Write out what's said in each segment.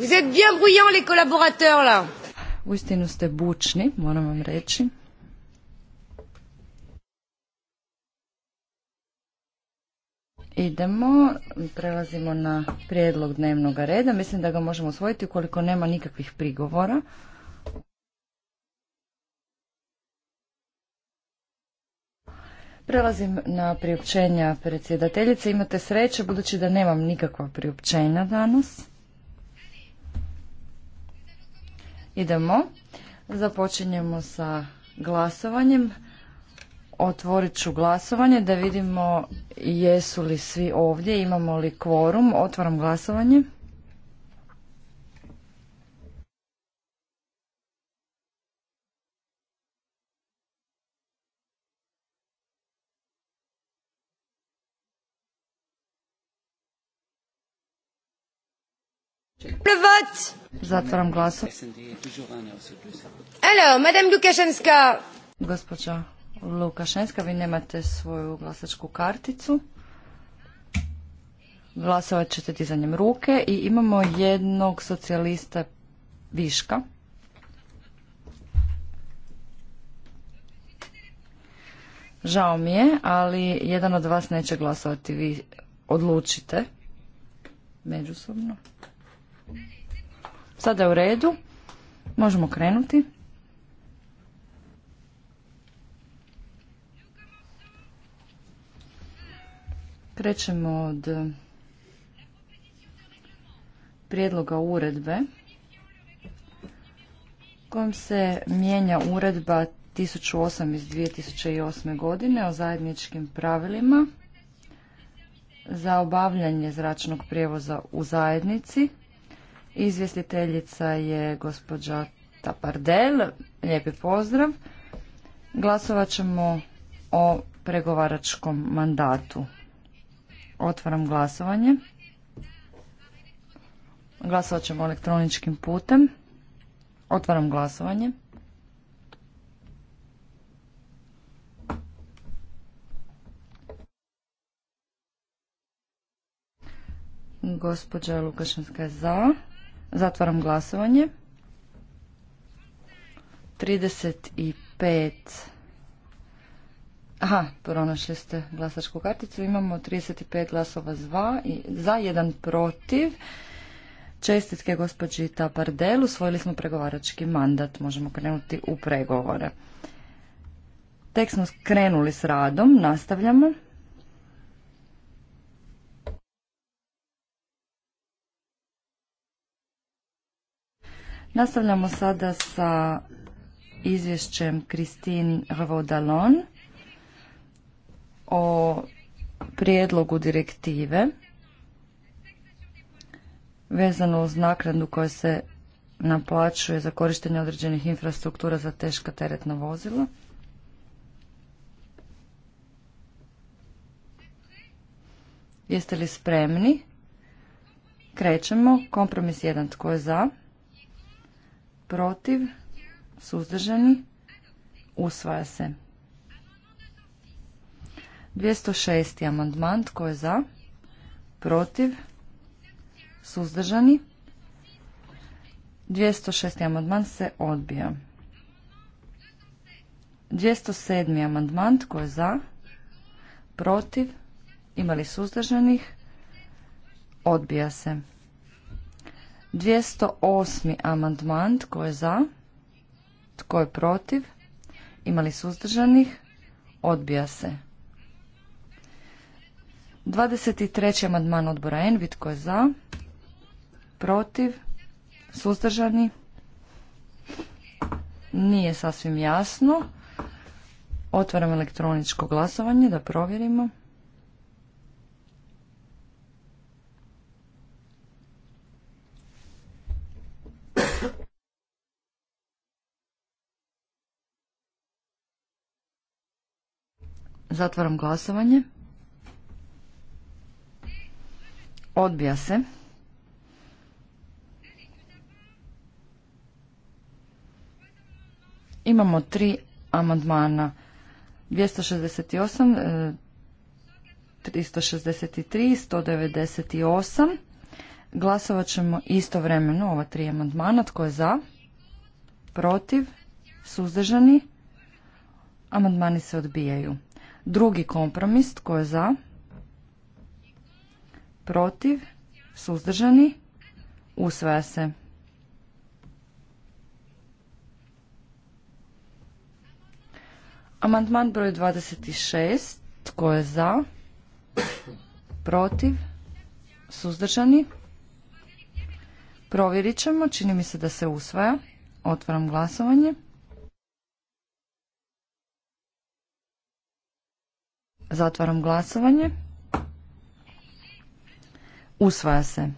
Vous êtes bien bruyants les collaborateurs là. Uistinu ste bučni, moram vam reći. Idemo, prelazimo na prijedlog dnevnog reda. Mislim da ga možemo usvojiti ukoliko nema nikakvih prigovora. Prelazim na priopćenja predsjedateljice. Imate sreće budući da nemam nikakva priopćenja danas. Idemo. Započinjemo sa glasovanjem. Otvorit ću glasovanje da vidimo jesu li svi ovdje, imamo li kvorum. Otvaram glasovanje. vote. Zatvaram glasu. madame Lukašenska. Gospođa Lukašenska, vi nemate svoju glasačku karticu. Glasovat ćete dizanjem ruke i imamo jednog socijalista viška. Žao mi je, ali jedan od vas neće glasovati. Vi odlučite međusobno. Sada je u redu. Možemo krenuti. Krećemo od prijedloga uredbe kojom se mijenja uredba 1008 iz 2008. godine o zajedničkim pravilima za obavljanje zračnog prijevoza u zajednici Izvjestiteljica je gospođa Tapardel. Lijepi pozdrav. Glasovat ćemo o pregovaračkom mandatu. Otvaram glasovanje. Glasovat ćemo elektroničkim putem. Otvaram glasovanje. Gospođa Lukašinska je za. Zatvaram glasovanje. 35. Aha, pronašli ste glasačku karticu. Imamo 35 glasova zva, za, jedan protiv. Čestitke gospođi tapardelu Usvojili smo pregovarački mandat. Možemo krenuti u pregovore. Tek smo krenuli s radom. Nastavljamo. Nastavljamo sada sa izvješćem Christine revaud o prijedlogu direktive vezano uz naknadu koja se naplaćuje za korištenje određenih infrastruktura za teška teretna vozila. Jeste li spremni? Krećemo. Kompromis 1. Tko je za? protiv, suzdržani, usvaja se. 206. amandman, tko je za, protiv, suzdržani, 206. amandman se odbija. 207. amandman, tko je za, protiv, imali suzdržanih, odbija se. 208. amandman, tko je za? Tko je protiv? Imali suzdržanih? Odbija se. 23. amandman odbora Envi, tko je za? Protiv? Suzdržani? Nije sasvim jasno. Otvaram elektroničko glasovanje da provjerimo. Zatvaram glasovanje. Odbija se. Imamo tri amandmana. 268, 363, 198. Glasovat ćemo istovremeno ova tri amandmana. Tko je za? Protiv? Suzdržani? Amandmani se odbijaju. Drugi kompromis, tko je za? Protiv? Suzdržani? Usvaja se. Amandman broj 26. Tko je za? Protiv? Suzdržani? Provjerit ćemo. Čini mi se da se usvaja. Otvaram glasovanje. Zatvaram glasovanje. Usvaja se.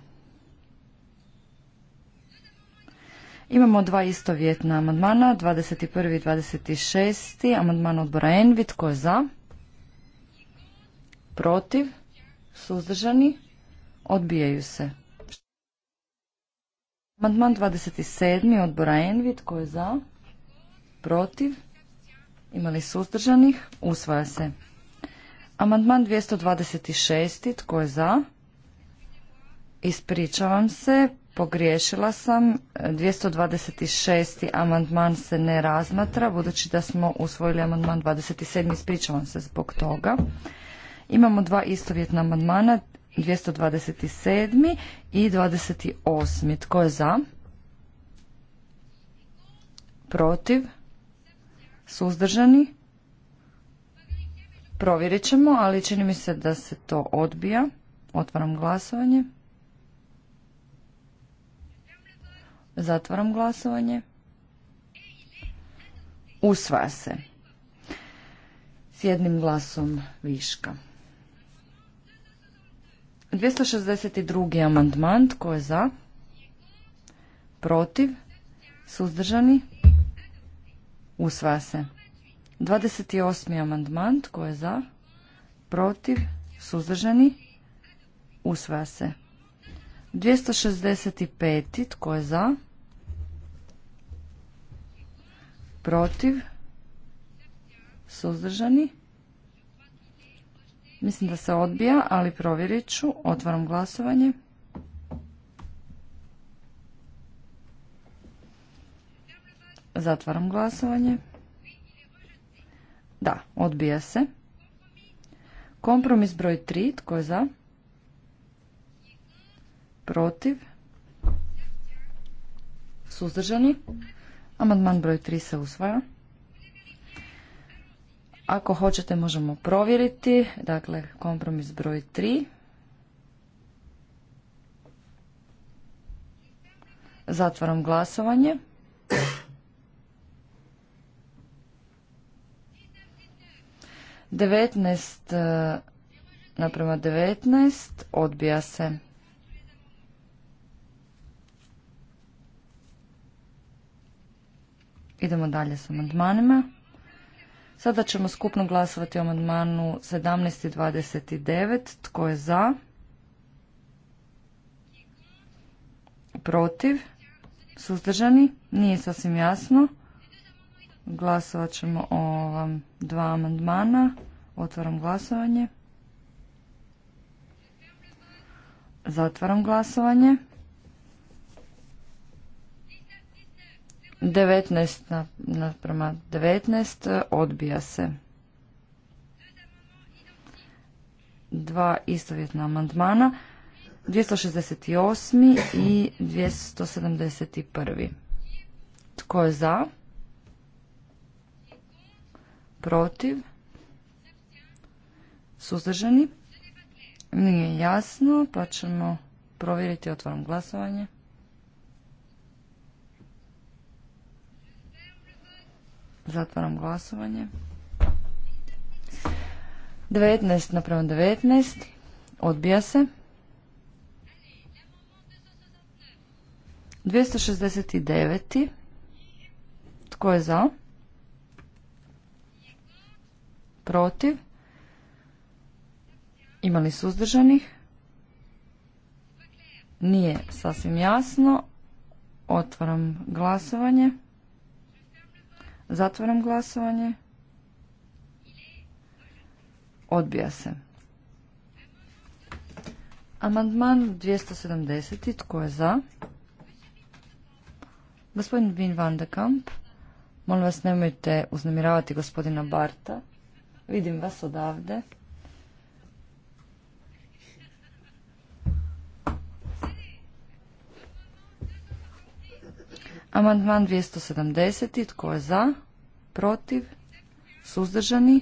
Imamo dva istovjetna amandmana, 21. i 26. Amandman odbora Envit tko je za? Protiv? Suzdržani? Odbijaju se. Amandman 27. odbora Envit tko je za? Protiv? Imali suzdržanih? Usvaja se. Amandman 226. Tko je za? Ispričavam se, pogriješila sam. 226. amandman se ne razmatra, budući da smo usvojili amandman 27. Ispričavam se zbog toga. Imamo dva istovjetna amandmana, 227. i 28. Tko je za? Protiv? Suzdržani? Provjerit ćemo, ali čini mi se da se to odbija. Otvaram glasovanje. Zatvaram glasovanje. Usvaja se. S jednim glasom viška. 262. amandman. Tko je za? Protiv? Suzdržani? Usvaja se. 28. amandman, tko je za? Protiv? Suzdržani? Usvaja se. 265. Tko je za? Protiv? Suzdržani? Mislim da se odbija, ali provjerit ću. Otvaram glasovanje. Zatvaram glasovanje. Da, odbija se. Kompromis broj 3, tko je za? Protiv? Suzdržani? Amandman broj 3 se usvaja. Ako hoćete možemo provjeriti, dakle kompromis broj 3. Zatvaram glasovanje. 19 eh, naprema 19 odbija se. Idemo dalje s amandmanima. Sada ćemo skupno glasovati o amandmanu 17 i 29. Tko je za? Protiv? Suzdržani? Nije sasvim jasno. Glasovat ćemo o dva amandmana. Otvaram glasovanje. Zatvaram glasovanje. 19 naprema 19 odbija se. Dva istovjetna amandmana. 268. i 271. Tko je za? Protiv? Suzdržani? Nije jasno, pa ćemo provjeriti. otvorom glasovanje. Zatvaram glasovanje. 19 napravo 19. Odbija se. 269. Tko je za? Protiv? Imali suzdržanih? Nije sasvim jasno. Otvaram glasovanje. Zatvaram glasovanje. Odbija se. Amandman 270. Tko je za? Gospodin Vin van de Kamp. Molim vas nemojte uznemiravati gospodina Barta. Vidim vas odavde. Amandman 270. Tko je za? Protiv? Suzdržani?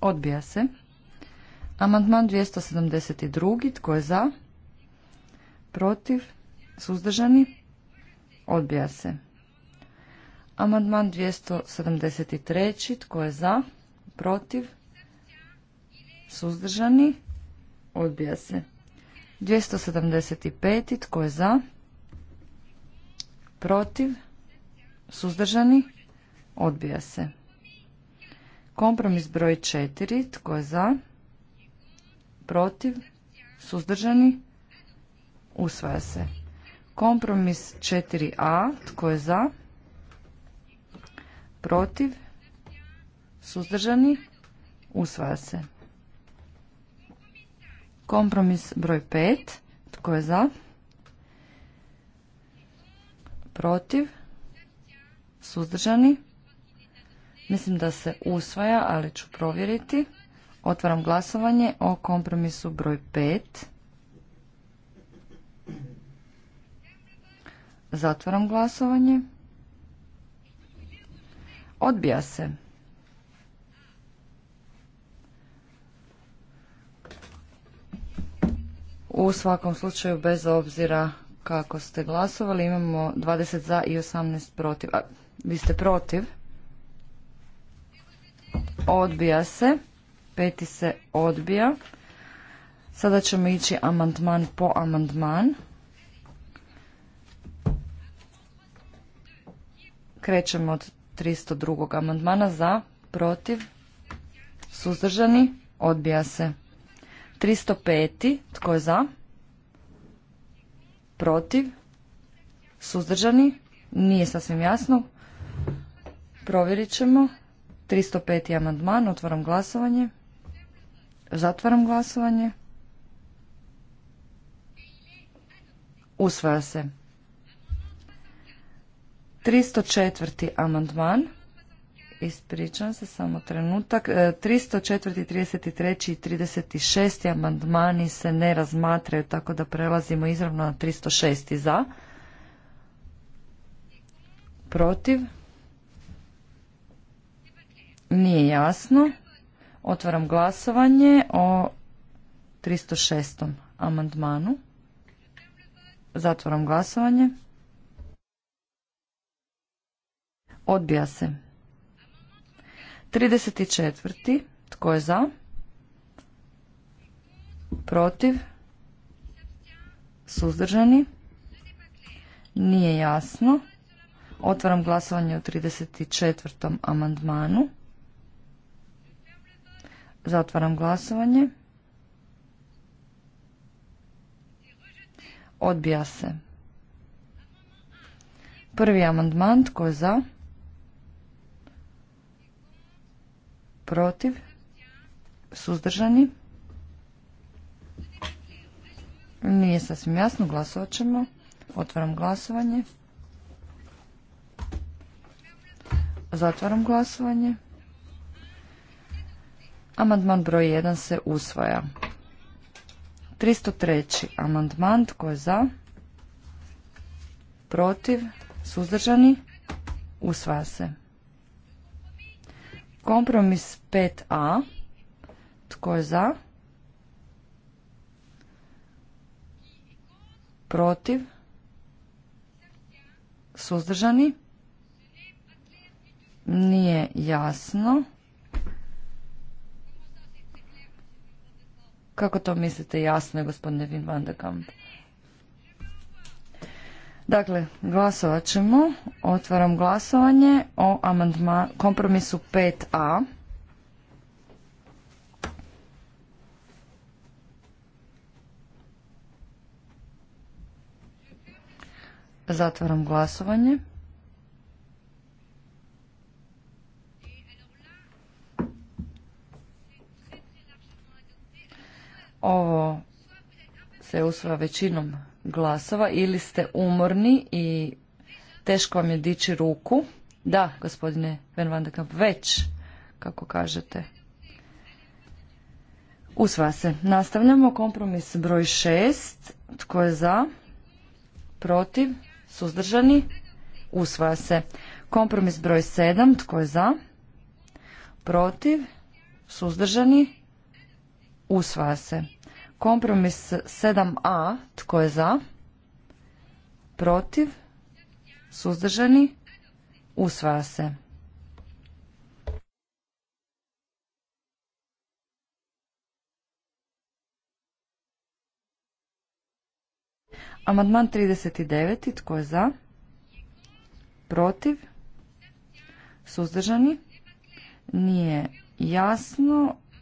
Odbija se. Amandman 272. Tko je za? Protiv? Suzdržani? Odbija se. Amandman 273. Tko je za? Protiv? Suzdržani? Odbija se. 275. Tko je za? protiv, suzdržani, odbija se. Kompromis broj 4, tko je za, protiv, suzdržani, usvaja se. Kompromis 4a, tko je za, protiv, suzdržani, usvaja se. Kompromis broj 5, tko je za, protiv, suzdržani. Mislim da se usvaja, ali ću provjeriti. Otvaram glasovanje o kompromisu broj 5. Zatvaram glasovanje. Odbija se. U svakom slučaju, bez obzira kako ste glasovali. Imamo 20 za i 18 protiv. A, vi ste protiv. Odbija se. Peti se odbija. Sada ćemo ići amandman po amandman. Krećemo od 302. amandmana za, protiv, suzdržani, odbija se. 305. tko je za? protiv, suzdržani, nije sasvim jasno. Provjerit ćemo. 305. amandman, otvaram glasovanje. Zatvaram glasovanje. Usvaja se. 304. amandman. Ispričavam se samo trenutak. 304. E, 33. i 36. amandmani se ne razmatraju, tako da prelazimo izravno na 306. za. Protiv. Nije jasno. Otvaram glasovanje o 306. amandmanu. Zatvaram glasovanje. Odbija se. 34. Tko je za? Protiv? Suzdržani? Nije jasno. Otvaram glasovanje u 34. amandmanu. Zatvaram glasovanje. Odbija se. Prvi amandman, tko je za? protiv, suzdržani. Nije sasvim jasno, glasovat ćemo. Otvaram glasovanje. Zatvaram glasovanje. Amandman broj 1 se usvaja. 303. amandman, tko je za? Protiv, suzdržani, usvaja se. Kompromis 5a. Tko je za? Protiv? Suzdržani? Nije jasno. Kako to mislite jasno je, gospodine Vin van de Dakle, glasovat ćemo. Otvaram glasovanje o kompromisu 5a. Zatvaram glasovanje. Ovo se usva većinom glasova ili ste umorni i teško vam je dići ruku. Da, gospodine Van Van de Kamp, već, kako kažete. Usva se. Nastavljamo kompromis broj šest Tko je za? Protiv? Suzdržani? Usvaja se. Kompromis broj sedam Tko je za? Protiv? Suzdržani? Usvaja se. Kompromis 7a. Tko je za? Protiv? Suzdržani? Usvaja se. Amandman 39. Tko je za? Protiv? Suzdržani? Nije jasno.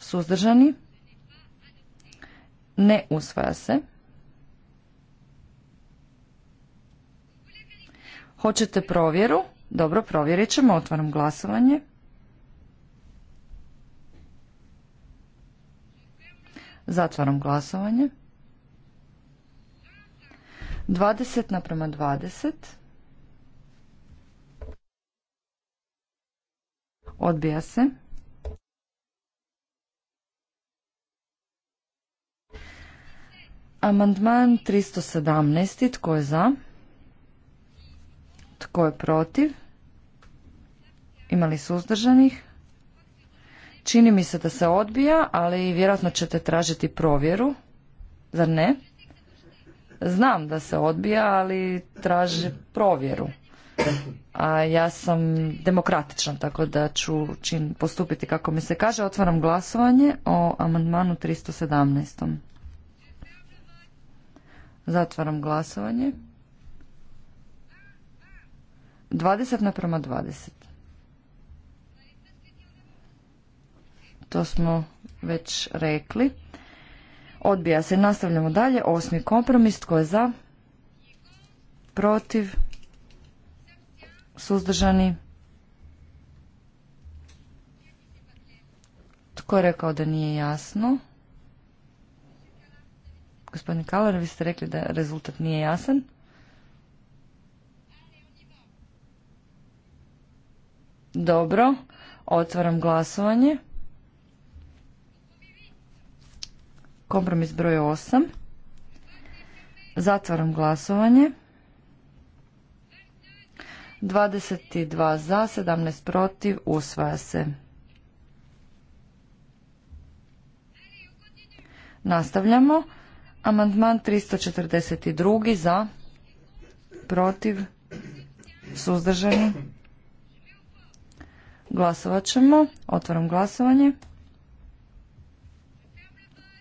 Suzdržani? Ne usvaja se. Hoćete provjeru? Dobro, provjerit ćemo. Otvaram glasovanje. Zatvaram glasovanje. 20 naprema 20. Odbija se. Amandman 317. Tko je za? Tko je protiv? Imali suzdržanih? Čini mi se da se odbija, ali vjerojatno ćete tražiti provjeru. Zar ne? Znam da se odbija, ali traži provjeru. A ja sam demokratična, tako da ću postupiti kako mi se kaže. Otvaram glasovanje o amandmanu 317. Zatvaram glasovanje. 20 naprema 20. To smo već rekli. Odbija se. Nastavljamo dalje. Osmi kompromis. Tko je za? Protiv? Suzdržani? Tko je rekao da nije jasno? Gospodine Kalar, vi ste rekli da rezultat nije jasan. Dobro, otvaram glasovanje. Kompromis broj 8. Zatvaram glasovanje. 22 za, 17 protiv, usvaja se. Nastavljamo. Amandman 342. za, protiv, suzdržani. Glasovat ćemo. Otvaram glasovanje.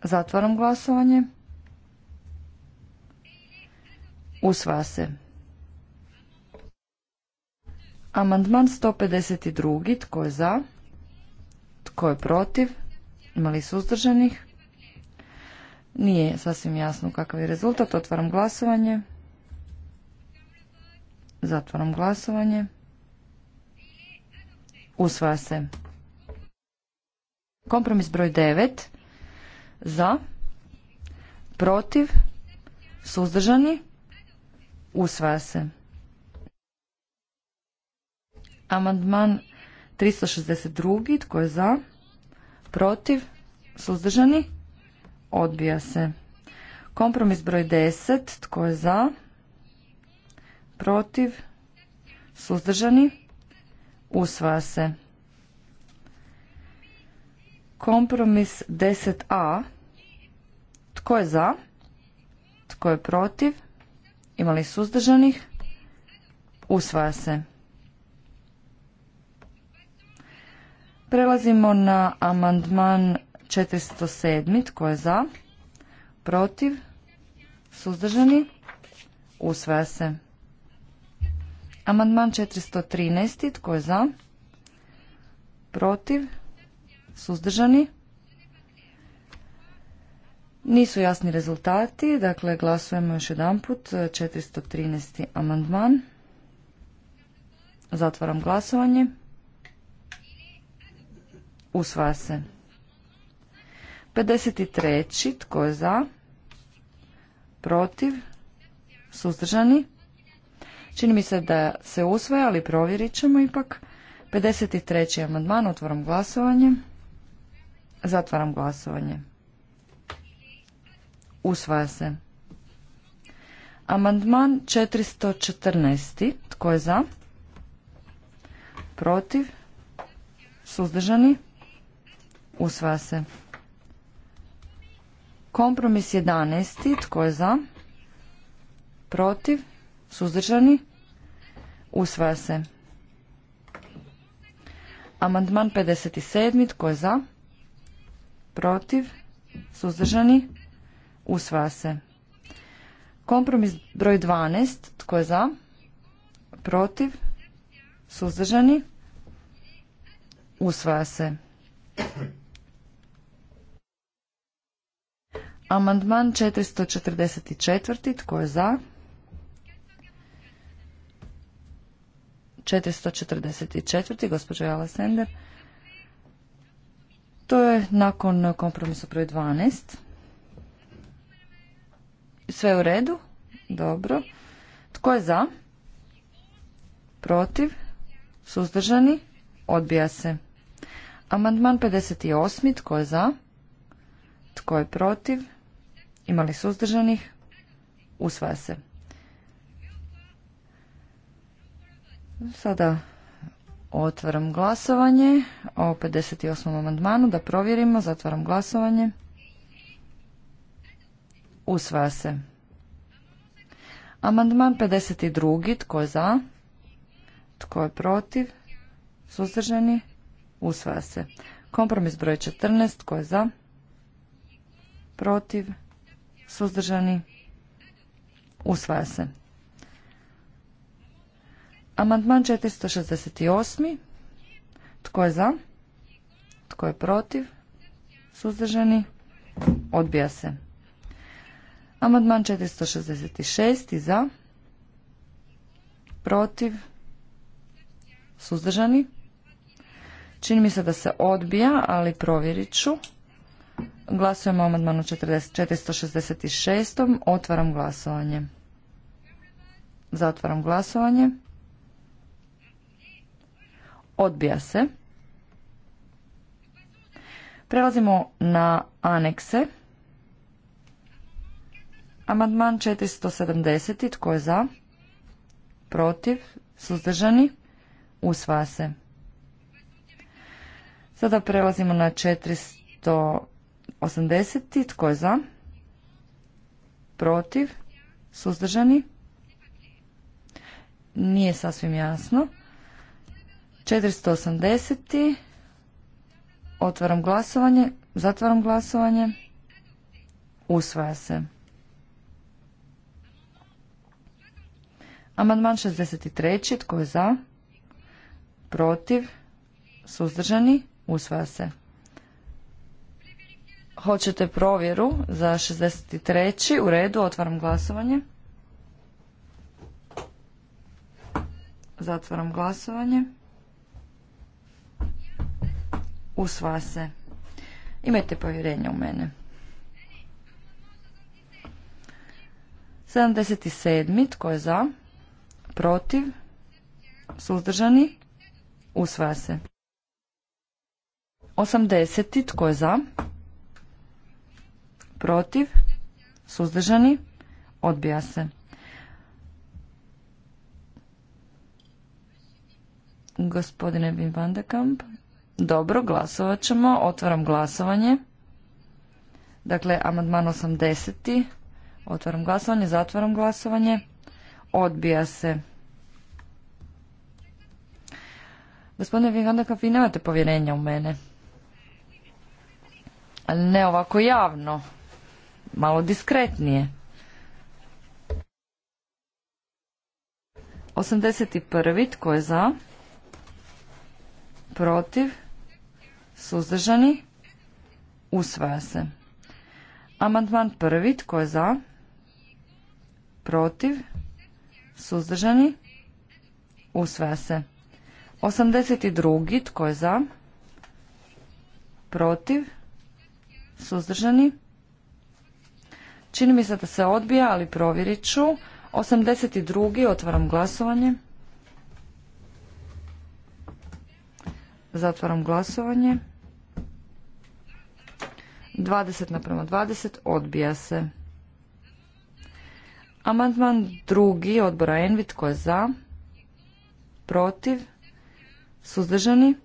Zatvaram glasovanje. Usvaja se. Amandman 152. Tko je za? Tko je protiv? Imali suzdržanih? Nije sasvim jasno kakav je rezultat. Otvaram glasovanje. Zatvaram glasovanje. Usvaja se. Kompromis broj 9. Za. Protiv. Suzdržani. Usvaja se. Amandman 362. Tko je za? Protiv. Suzdržani. Odbija se. Kompromis broj 10. Tko je za? Protiv? Suzdržani? Usvaja se. Kompromis 10a. Tko je za? Tko je protiv? Ima li suzdržanih? Usvaja se. Prelazimo na amandman 407. Tko je za? Protiv? Suzdržani? Usvaja se. Amandman 413. Tko je za? Protiv? Suzdržani? Nisu jasni rezultati, dakle glasujemo još jedan put, 413. amandman. Zatvaram glasovanje. Usvaja se. 53. Tko je za? Protiv? Suzdržani? Čini mi se da se usvoja, ali provjerit ćemo ipak. 53. amandman, otvaram glasovanje. Zatvaram glasovanje. Usvaja se. Amandman 414. Tko je za? Protiv? Suzdržani? Usvaja se. Kompromis 11. Tko je za? Protiv? Suzdržani? Usvaja se. Amandman 57. Tko je za? Protiv? Suzdržani? Usvaja se. Kompromis broj 12. Tko je za? Protiv? Suzdržani? Usvaja se. Amandman 444. Tko je za? 444. Gospođo Jala Sender. To je nakon kompromisa broj 12. Sve u redu? Dobro. Tko je za? Protiv? Suzdržani? Odbija se. Amandman 58. Tko je za? Tko je protiv? Imali suzdržanih? Usvaja se. Sada otvaram glasovanje o 58. amandmanu da provjerimo. Zatvaram glasovanje. Usvaja se. Amandman 52. Tko je za? Tko je protiv? Suzdržani? Usvaja se. Kompromis broj 14. Tko je za? Protiv? suzdržani, usvaja se. Amandman 468. Tko je za? Tko je protiv? Suzdržani? Odbija se. Amandman 466. Za? Protiv? Suzdržani? Čini mi se da se odbija, ali provjerit ću. Glasujemo o amandmanu 466. Otvaram glasovanje. Zatvaram glasovanje. Odbija se. Prelazimo na anekse. Amandman 470. Tko je za? Protiv? Suzdržani? Usvaja se. Sada prelazimo na 400 80. Tko je za? Protiv? Suzdržani? Nije sasvim jasno. 480. Otvaram glasovanje. Zatvaram glasovanje. Usvaja se. Amandman 63. Tko je za? Protiv? Suzdržani? Usvaja se. Hoćete provjeru za 63. U redu, otvaram glasovanje. Zatvaram glasovanje. Usva se. Imajte povjerenje u mene. 77. Tko je za? Protiv? Suzdržani? Usvaja se. 80. Tko je za? protiv, suzdržani, odbija se. Gospodine Vim dobro, glasovat ćemo, otvaram glasovanje. Dakle, amandman 80. Otvaram glasovanje, zatvaram glasovanje. Odbija se. Gospodine Vingandakav, vi nemate povjerenja u mene. Ali ne ovako javno malo diskretnije. 81. Tko je za? Protiv? Suzdržani? Usvaja se. Amandman prvi. Tko je za? Protiv? Suzdržani? Usvaja se. 82. Tko je za? Protiv? Suzdržani? Čini mi se da se odbija, ali provjerit ću. 82. otvaram glasovanje. Zatvaram glasovanje. 20 naprema 20 odbija se. Amandman drugi odbora Envit, tko je za, protiv, suzdržani,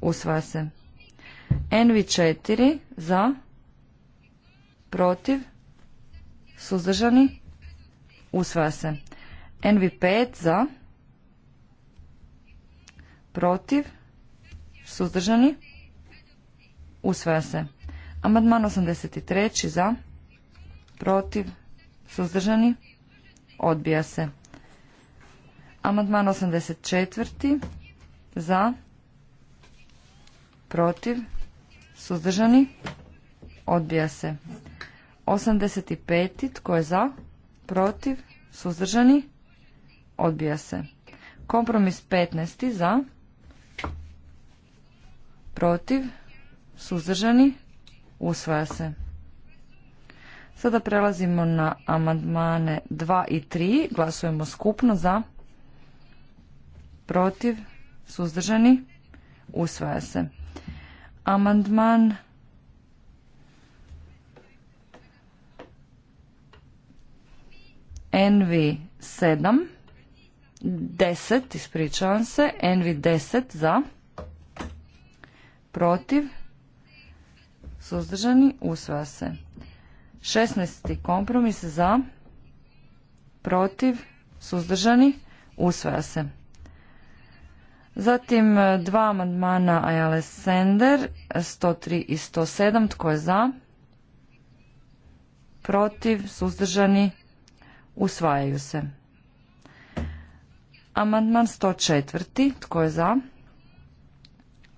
usvaja se. Envi 4 za, protiv, suzdržani, usvaja se. NV5 za, protiv, suzdržani, usvaja se. Amandman 83 za, protiv, suzdržani, odbija se. Amandman 84 za, protiv, suzdržani, odbija se. 85. Tko je za? Protiv? Suzdržani? Odbija se. Kompromis 15. Za? Protiv? Suzdržani? Usvaja se. Sada prelazimo na amandmane 2 i 3. Glasujemo skupno za? Protiv? Suzdržani? Usvaja se. Amandman NV 7, 10, ispričavam se, NV 10 za, protiv, suzdržani, usvaja se. 16. kompromis za, protiv, suzdržani, usvaja se. Zatim e, dva amandmana Ajale Sender, 103 i 107, tko je za, protiv, suzdržani, Usvajaju se. Amandman 104. Tko je za?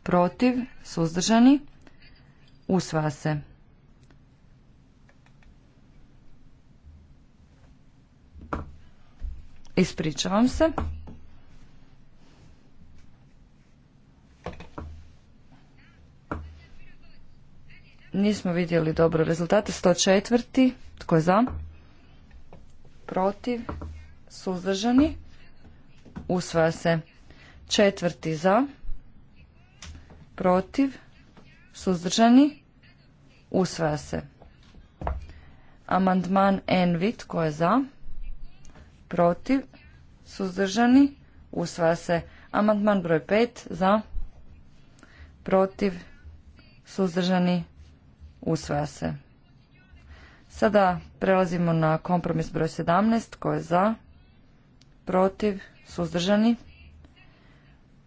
Protiv? Suzdržani? Usvaja se. Ispričavam se. Nismo vidjeli dobro rezultate. 104. Tko je za? protiv, suzdržani, usvaja se. Četvrti za, protiv, suzdržani, usvaja se. Amandman Envit tko je za, protiv, suzdržani, usvaja se. Amandman broj 5 za, protiv, suzdržani, usvaja se. Sada prelazimo na kompromis broj 17. Tko je za? Protiv? Suzdržani?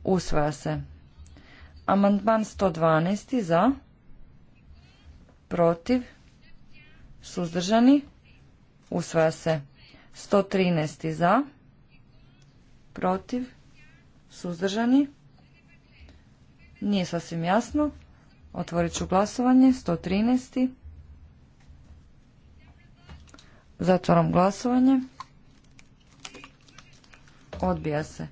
Usvaja se. Amandman 112. Za? Protiv? Suzdržani? Usvaja se. 113. Za? Protiv? Suzdržani? Nije sasvim jasno. Otvorit ću glasovanje. 113. Zatvaram glasovanje. Odbija se.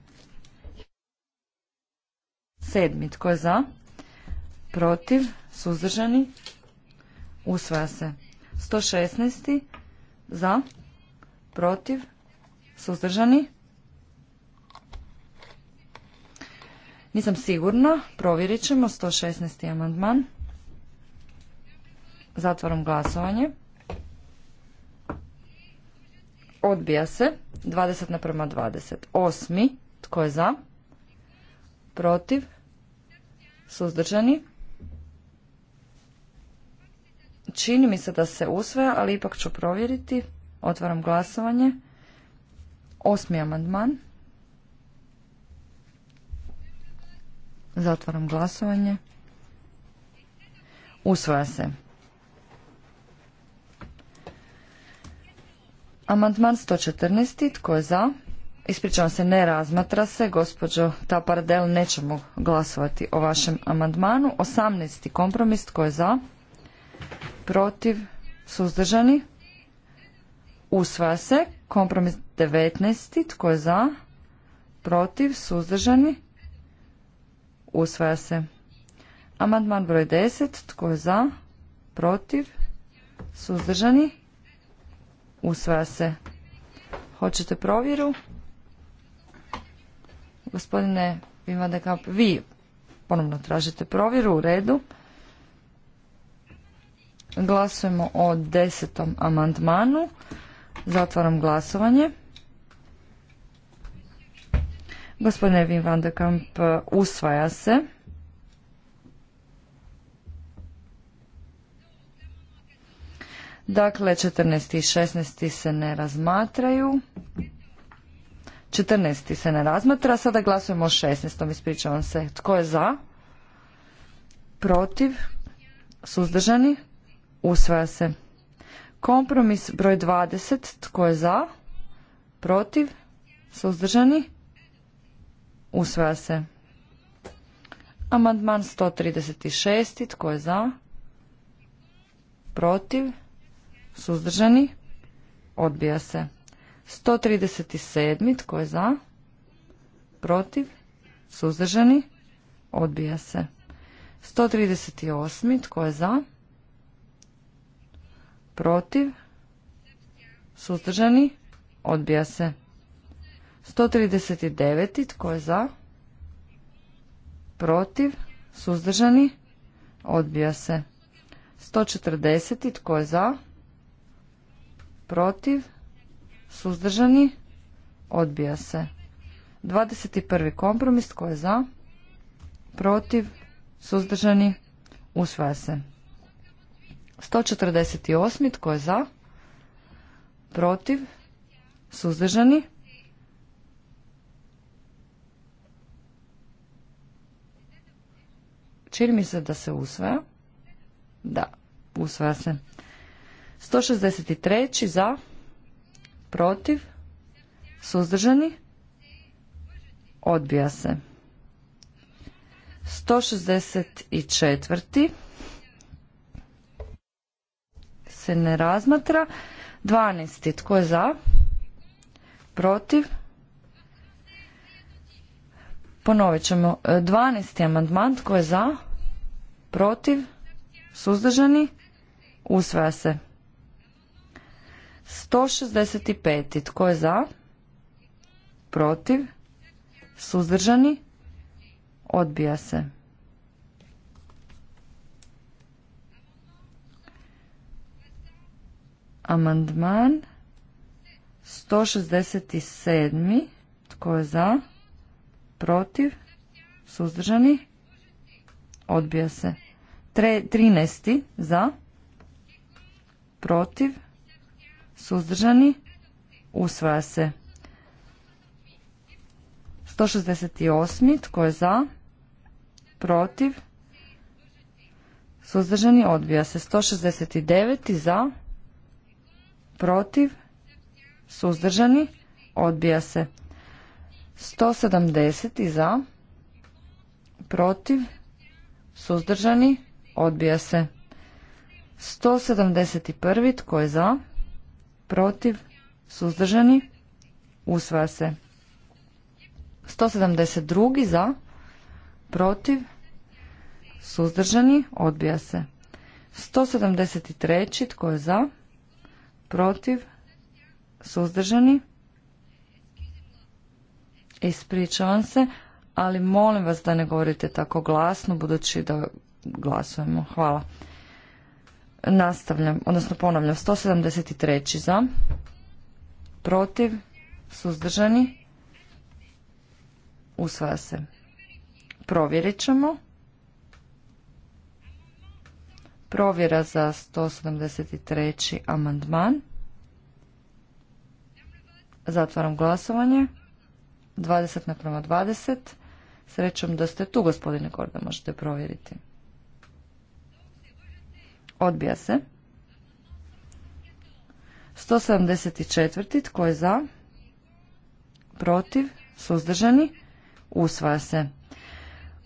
Sedmi. Tko je za? Protiv? Suzdržani? Usvaja se. 116. Za? Protiv? Suzdržani? Nisam sigurna. Provjerit ćemo. 116. amandman. Zatvaram glasovanje. Odbija se. 20 naprema 20. Osmi. Tko je za? Protiv? Suzdržani? Čini mi se da se usvaja, ali ipak ću provjeriti. Otvaram glasovanje. Osmi amandman. Zatvaram glasovanje. Usvaja se. Amandman 114. Tko je za? Ispričavam se, ne razmatra se. Gospođo Tapardel, nećemo glasovati o vašem amandmanu. 18. kompromis. Tko je za? Protiv? Suzdržani? Usvaja se. Kompromis 19. Tko je za? Protiv? Suzdržani? Usvaja se. Amandman broj 10. Tko je za? Protiv? Suzdržani? Usvaja se. Hoćete provjeru? Gospodine Vimade vi ponovno tražite provjeru u redu. Glasujemo o desetom amandmanu. Zatvaram glasovanje. Gospodine Wim van Kamp, usvaja se. Dakle, 14. i 16. se ne razmatraju. 14. se ne razmatra. Sada glasujemo o 16. Ispričavam se. Tko je za? Protiv? Suzdržani? Usvaja se. Kompromis broj 20. Tko je za? Protiv? Suzdržani? Usvaja se. Amandman 136. Tko je za? Protiv? Suzdržani? Odbija se. 137. Tko je za? Protiv? Suzdržani? Odbija se. 138. Tko je za? Protiv? Suzdržani? Odbija se. 139. Tko je za? Protiv? Suzdržani? Odbija se. 140. Tko je za? protiv, suzdržani, odbija se. 21. kompromis, tko je za, protiv, suzdržani, usvaja se. 148. tko je za, protiv, suzdržani, Čini mi se da se usvaja. Da, usvaja se. 163. za, protiv, suzdržani, odbija se. 164. se ne razmatra. 12. tko je za, protiv, ponovit ćemo. 12. E, amandman tko je za, protiv, suzdržani, usvaja se. 165. Tko je za? Protiv? Suzdržani? Odbija se. Amandman 167. Tko je za? Protiv? Suzdržani? Odbija se. 13. Za? Protiv? suzdržani, usvaja se. 168. Tko je za? Protiv? Suzdržani odbija se. 169. Za? Protiv? Suzdržani odbija se. 170. Za? Protiv? Suzdržani odbija se. 171. Tko je za? protiv, suzdržani, usvaja se. 172. za, protiv, suzdržani, odbija se. 173. tko je za, protiv, suzdržani, ispričavam se, ali molim vas da ne govorite tako glasno budući da glasujemo. Hvala. Nastavljam, odnosno ponavljam, 173. za, protiv, suzdržani, usvaja se. Provjerit ćemo. Provjera za 173. amandman. Zatvaram glasovanje. 20 naprema 20. Srećom da ste tu, gospodine Gorda, možete provjeriti. Odbija se. 174. Tko je za? Protiv? Suzdržani? Usvaja se.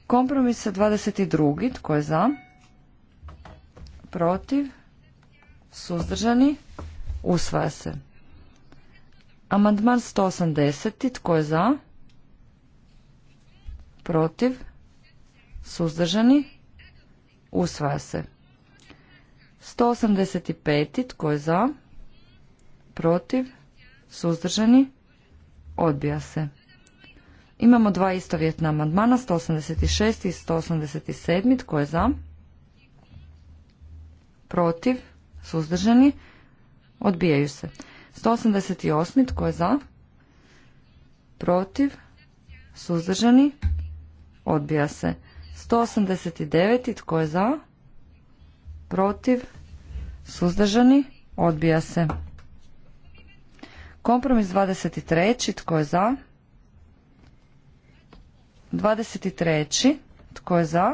Kompromis 22. Tko je za? Protiv? Suzdržani? Usvaja se. Amandman 180. Tko je za? Protiv? Suzdržani? Usvaja se. 185. Tko je za? Protiv? Suzdržani? Odbija se. Imamo dva istovjetna amandmana, 186. i 187. Tko je za? Protiv? Suzdržani? Odbijaju se. 188. Tko je za? Protiv? Suzdržani? Odbija se. 189. Tko je za? protiv, suzdržani, odbija se. Kompromis 23. Tko je za? 23. Tko je za?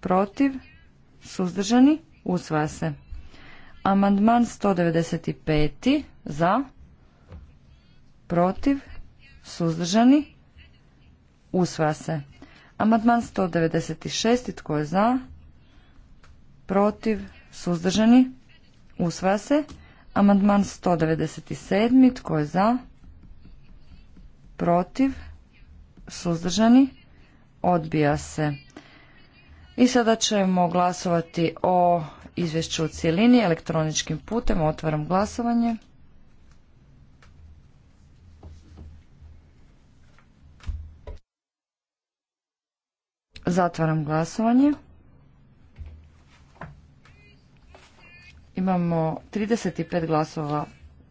Protiv? Suzdržani? Usvaja se. Amandman 195. Za? Protiv? Suzdržani? Usvaja se. Amandman 196. Tko je za? protiv, suzdržani, usvaja se. Amandman 197. Tko je za? Protiv, suzdržani, odbija se. I sada ćemo glasovati o izvješću u cijelini elektroničkim putem. Otvaram glasovanje. Zatvaram glasovanje. Imamo 35 glasova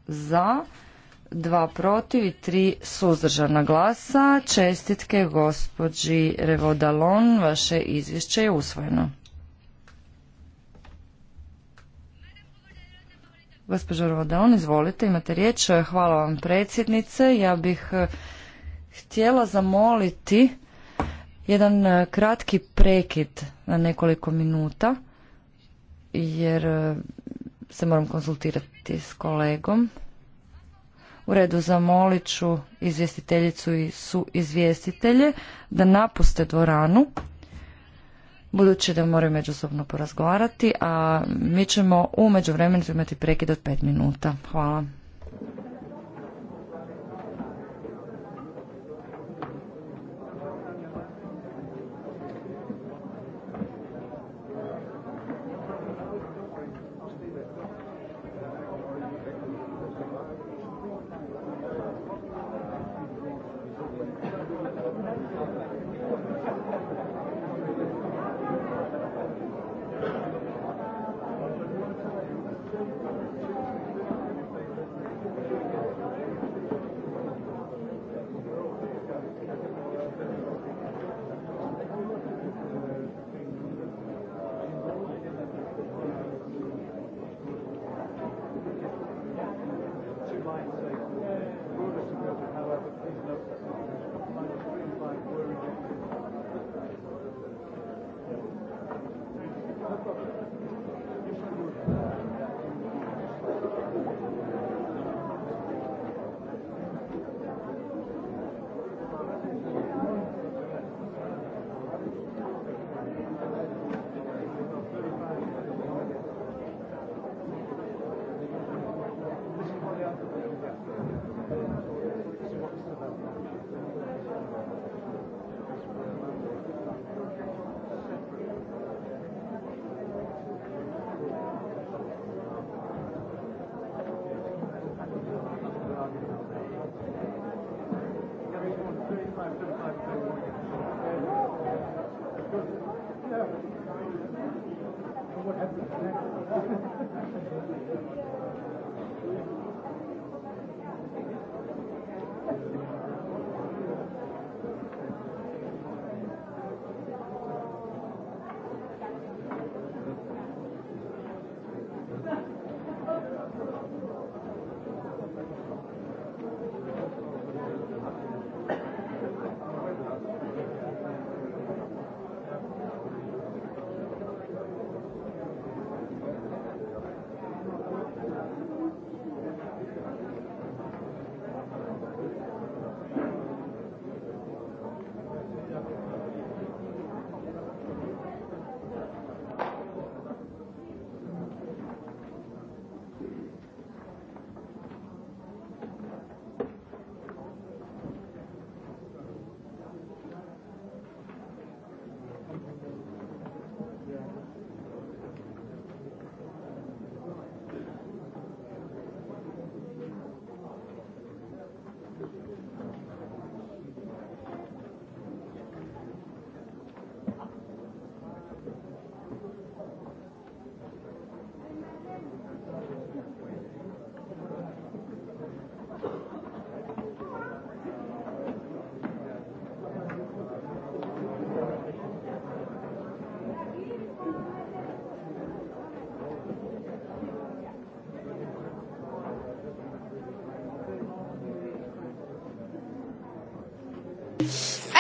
za, dva protiv i tri suzdržana glasa. Čestitke gospođi Revodalon, vaše izvješće je usvojeno. Gospođo Revodalon, izvolite, imate riječ. Hvala vam predsjednice. Ja bih eh, htjela zamoliti jedan eh, kratki prekid na nekoliko minuta jer eh, se moram konsultirati s kolegom. U redu zamolit ću izvjestiteljicu i su izvjestitelje da napuste dvoranu, budući da moraju međusobno porazgovarati, a mi ćemo u međuvremenu imati prekid od pet minuta. Hvala.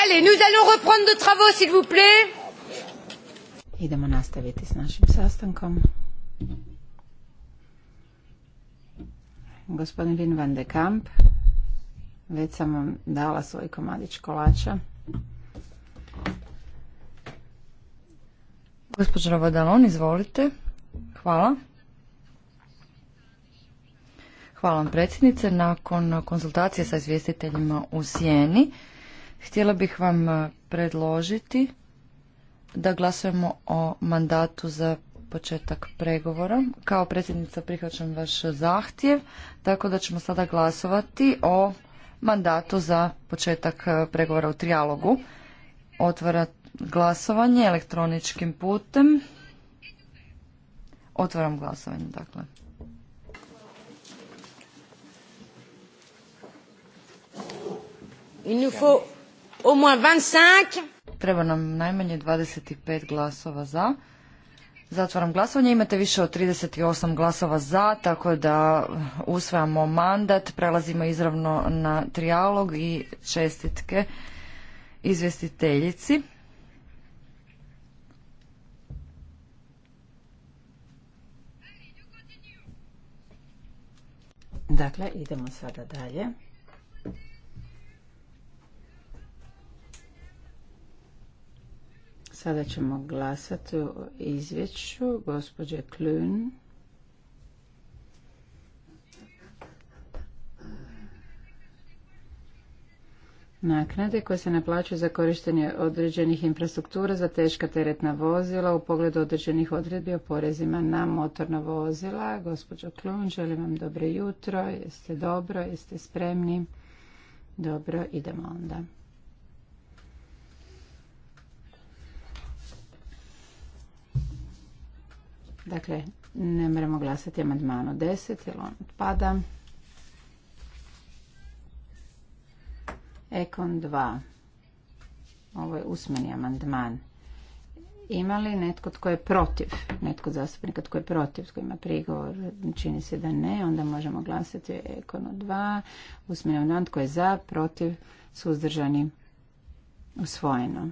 Allez, nous allons reprendre nos travaux, s'il vous plaît. Idemo nastaviti s našim sastankom. Gospodin Vin van de Kamp, već sam vam dala svoj komadić kolača. Gospođo Ravodalon, izvolite. Hvala. Hvala vam predsjednice. Nakon konzultacije sa izvjestiteljima u Sijeni, Htjela bih vam e, predložiti da glasujemo o mandatu za početak pregovora. Kao predsjednica prihvaćam vaš zahtjev, tako da ćemo sada glasovati o mandatu za početak e, pregovora u trijalogu. Otvara glasovanje elektroničkim putem. Otvaram glasovanje, dakle. Il au moins 25. Treba nam najmanje 25 glasova za. Zatvaram glasovanje. Imate više od 38 glasova za, tako da usvajamo mandat, prelazimo izravno na trijalog i čestitke izvjestiteljici. Dakle, idemo sada dalje. Sada ćemo glasati o izvješću gospođe Klun. Naknade koje se naplaćuju za korištenje određenih infrastruktura za teška teretna vozila u pogledu određenih odredbi o porezima na motorna vozila. Gospođo Klun, želim vam dobro jutro. Jeste dobro, jeste spremni? Dobro, idemo onda. Dakle, ne moramo glasati amandmanu 10 jer on odpada. Ekon 2. Ovo je usmeni amandman. Ima li netko tko je protiv? Netko od zastupnika tko je protiv, tko ima prigovor? Čini se da ne, onda možemo glasati Ekon 2. Usmeni amandman tko je za, protiv, suzdržani, usvojeno.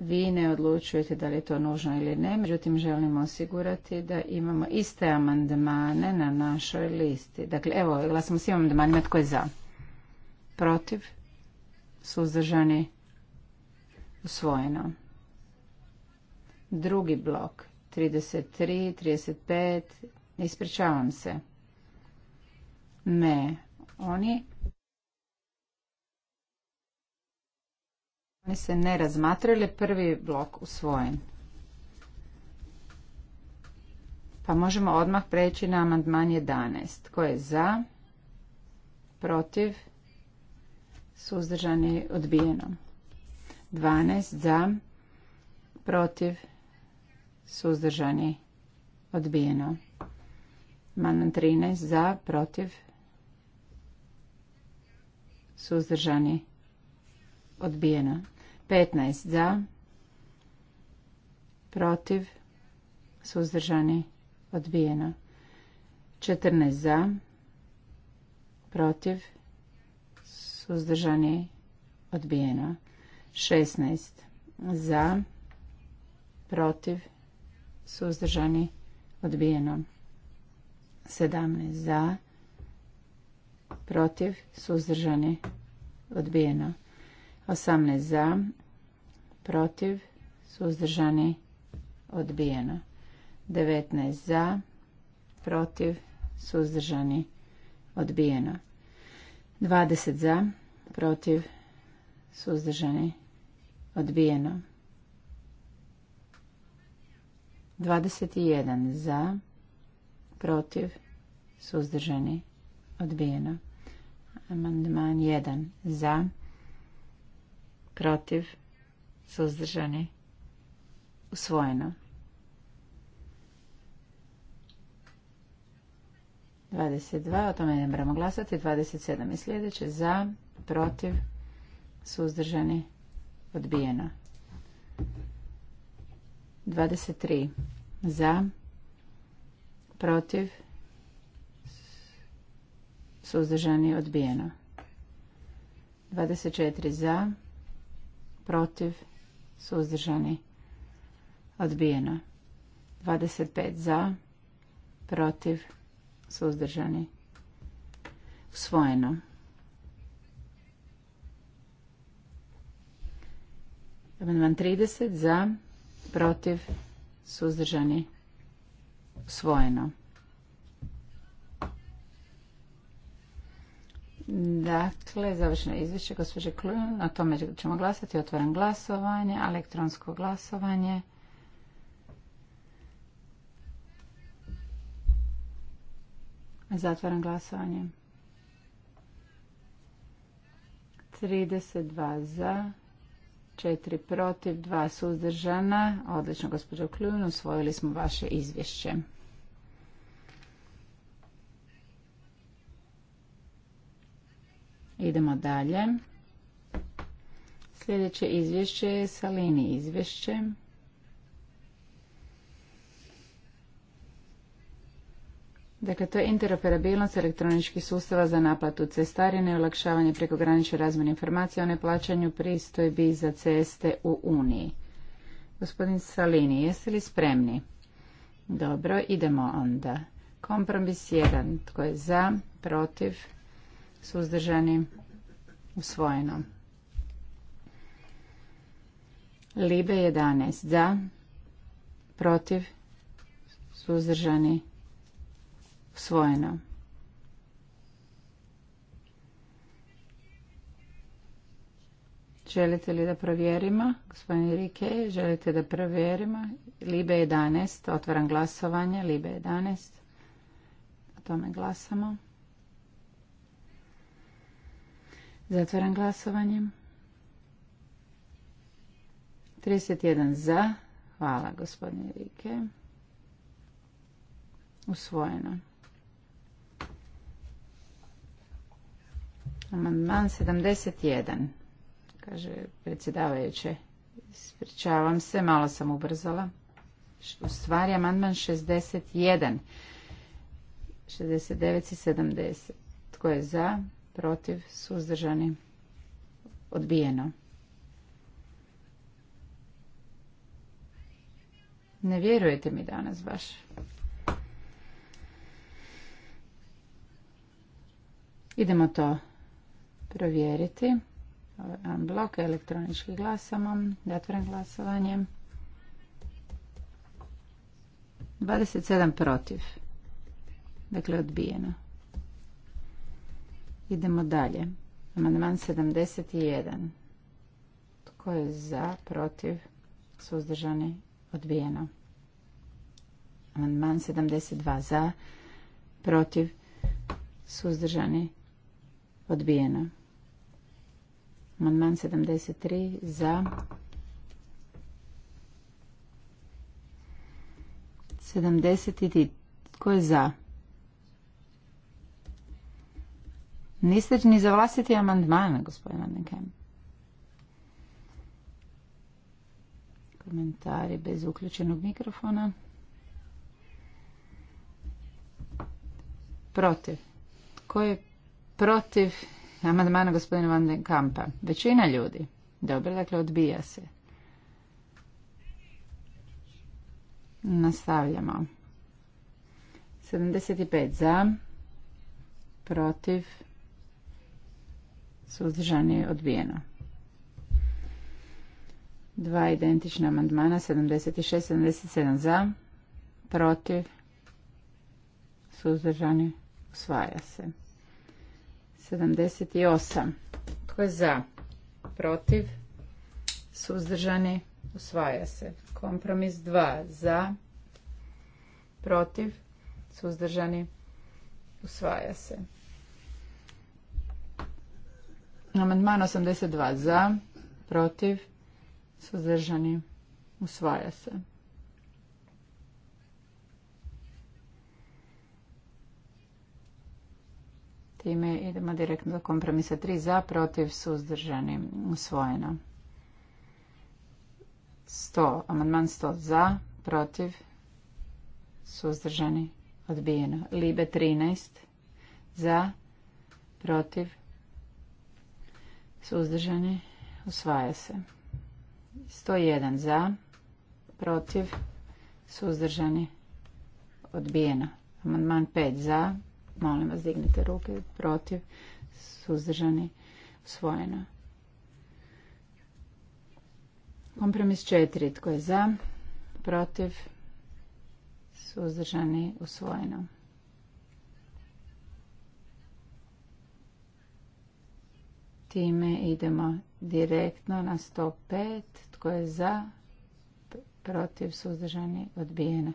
vi ne odlučujete da li je to nužno ili ne, međutim želimo osigurati da imamo iste amandmane na našoj listi. Dakle, evo, glasamo svim amandmanima tko je za. Protiv? Suzdržani? Usvojeno. Drugi blok. 33, 35, ispričavam se. Ne, oni Mi se ne razmatrali, prvi blok usvojen. Pa možemo odmah preći na amandman 11. Ko je za? Protiv? Suzdržani odbijeno. 12 za, protiv, suzdržani odbijeno. Amandman 13 za, protiv, suzdržani odbijeno. 15 za, protiv, suzdržani, odbijeno. 14 za, protiv, suzdržani, odbijeno. 16 za, protiv, suzdržani, odbijeno. 17 za, protiv, suzdržani, odbijeno. 18 za, protiv, suzdržani, odbijeno. 19 za, protiv, suzdržani, odbijeno. 20 za, protiv, suzdržani, odbijeno. 21 za, protiv, suzdržani, odbijeno. Amandman 1 za, protiv, suzdržani, usvojeno. 22, o tome ne moramo glasati, 27 je sljedeće, za, protiv, suzdržani, odbijeno. 23, za, protiv, suzdržani, odbijeno. 24 za, protiv, suzdržani, odbijeno. 25 za, protiv, suzdržani, usvojeno. Amandman 30 za, protiv, suzdržani, usvojeno. Dakle, završeno izvješće gospođe Klun, na tome ćemo glasati, Otvoren glasovanje, elektronsko glasovanje. Zatvaram glasovanje. 32 za, 4 protiv, 2 suzdržana. Odlično, gospođo Kljun, usvojili smo vaše izvješće. Idemo dalje. Sljedeće izvješće je Salini izvješće. Dakle, to je interoperabilnost elektroničkih sustava za naplatu cestarine i olakšavanje prekogranične razmjene informacija o neplaćanju pristojbi za ceste u Uniji. Gospodin Salini, jeste li spremni? Dobro, idemo onda. Kompromis 1. Tko je za? Protiv? suzdržani, usvojeno. Libe 11 za, protiv, suzdržani, usvojeno. Želite li da provjerimo? Gospodin Rike, želite da provjerimo? Libe 11, otvaram glasovanje, Libe 11. O tome glasamo. Zatvaram glasovanje. 31 za. Hvala gospodine Rike. Usvojeno. Amandman 71. Kaže predsjedavajuće. Ispričavam se, malo sam ubrzala. U stvari amandman 61. 69 i 70. Tko je za? protiv, suzdržani, odbijeno. Ne vjerujete mi danas baš. Idemo to provjeriti. Blok elektronički glasamo. Zatvoren glasovanje. 27 protiv. Dakle, odbijeno. Idemo dalje. Amandman 71. Tko je za, protiv, suzdržani, odbijeno. Amandman 72 za, protiv, suzdržani, odbijeno. Amandman 73 za, 73. Tko je za? Niste ni za vlastiti amandman, gospodin Vandenkem. Komentari bez uključenog mikrofona. Protiv. Ko je protiv amandmana gospodina Van den Kampa? Većina ljudi. Dobro, dakle odbija se. Nastavljamo. 75 za, protiv, Suzdržani je odbijeno. Dva identična amandmana, 76, 77 za, protiv, suzdržani, usvaja se. 78. Tko je za? Protiv, suzdržani, usvaja se. Kompromis 2. Za, protiv, suzdržani, usvaja se. Amandman 82 za, protiv, suzdržani, usvaja se. Time idemo direktno do kompromisa 3 za, protiv, suzdržani, usvojeno. 100, amandman 100 za, protiv, suzdržani, odbijeno. Libe 13 za, protiv, Suzdržani. Usvaja se. 101 za. Protiv. Suzdržani. Odbijeno. Amandman 5 za. Molim vas dignite ruke. Protiv. Suzdržani. Usvojeno. Kompromis 4. Tko je za? Protiv? Suzdržani? Usvojeno. Time idemo direktno na 105. Tko je za? Protiv suzdržani odbijeno.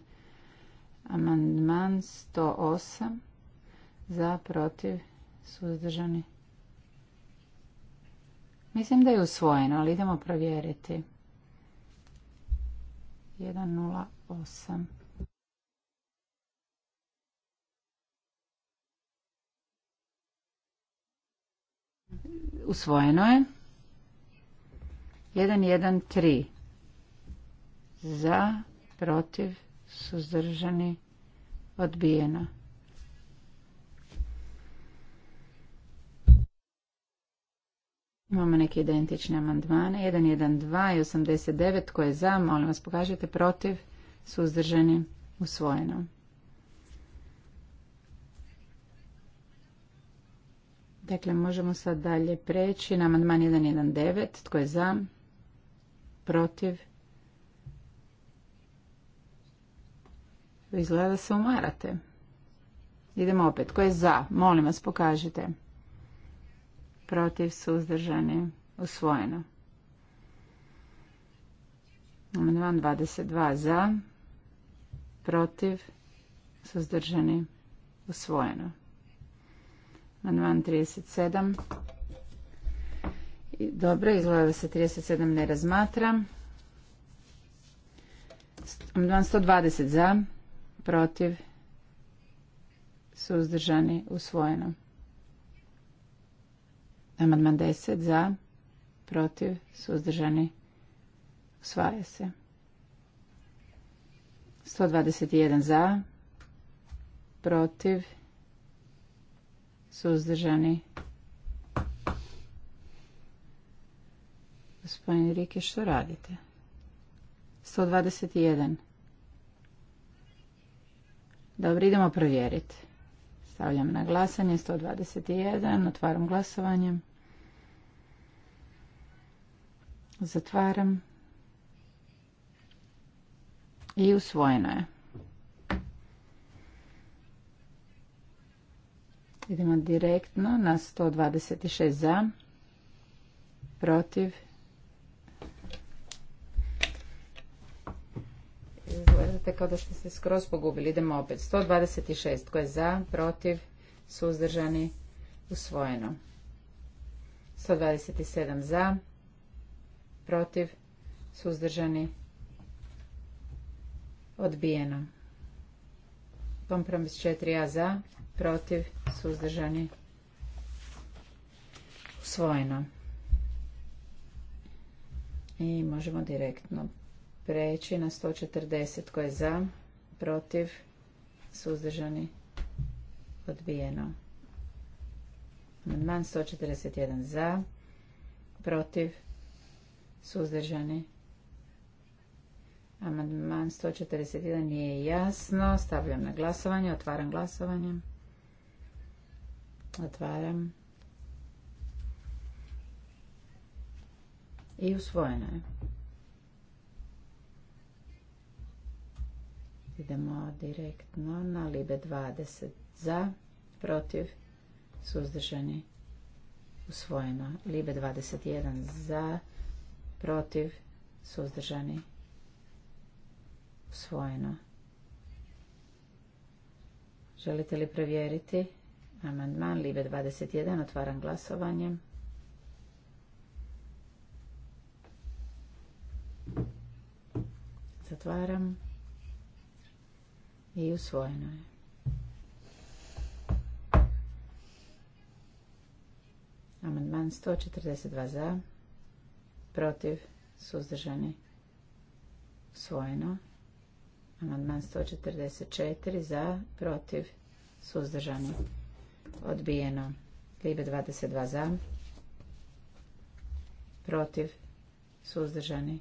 Amandman 108. Za protiv suzdržani. Mislim da je usvojeno, ali idemo provjeriti. 108. usvojeno je. 113 za, protiv, suzdržani, odbijeno. Imamo neke identične amandmane. 112 i 89 koje je za, molim vas pokažete protiv, suzdržani, usvojeno. Dakle, možemo sad dalje preći na amandman 119. Tko je za? Protiv? Izgleda da se umarate. Idemo opet. Tko je za? Molim vas, pokažite. Protiv, suzdržani, usvojeno. Amandman 22 za, protiv, suzdržani, usvojeno. Amandman 37. Dobro, izgleda da se 37 ne razmatra. Amandman 120 za, protiv, suzdržani, usvojeno. Amandman 10 za, protiv, suzdržani, usvaja se. 121 za, protiv, Suzdržani. Gospodin Rike, što radite? 121. Dobro, idemo provjeriti. Stavljam na glasanje 121. Otvaram glasovanje. Zatvaram. I usvojeno je. Idemo direktno na 126 za, protiv. Izgledate kao da ste se skroz pogubili. Idemo opet. 126 koje je za, protiv, suzdržani, usvojeno. 127 za, protiv, suzdržani, odbijeno. Kompromis 4a za, protiv, suzdržani, usvojeno. I možemo direktno preći na 140 koje je za, protiv, suzdržani, odbijeno. Amandman 141 za, protiv, suzdržani, Amandman 141 nije jasno. Stavljam na glasovanje. Otvaram glasovanje. Otvaram. I usvojeno je. Idemo direktno na libe 20 za, protiv, suzdržani, usvojeno. Libe 21 za, protiv, suzdržani, usvojeno. Želite li provjeriti? Amandman Libe 21. Otvaram glasovanje. Zatvaram. I usvojeno je. Amandman 142 za. Protiv. Suzdržani. Usvojeno. Amandman 144 za, protiv, suzdržani. Odbijeno. Libe 22 za, protiv, suzdržani.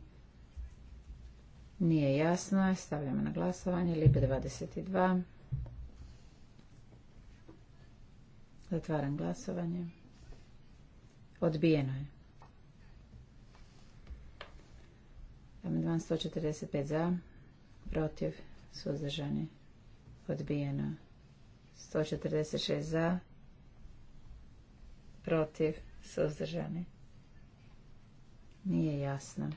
Nije jasno, stavljamo na glasovanje. Libe 22. Zatvaram glasovanje. Odbijeno je. Amandman 145 za, protiv, suzdržani, odbijeno. 146 za, protiv, suzdržani. Nije jasno.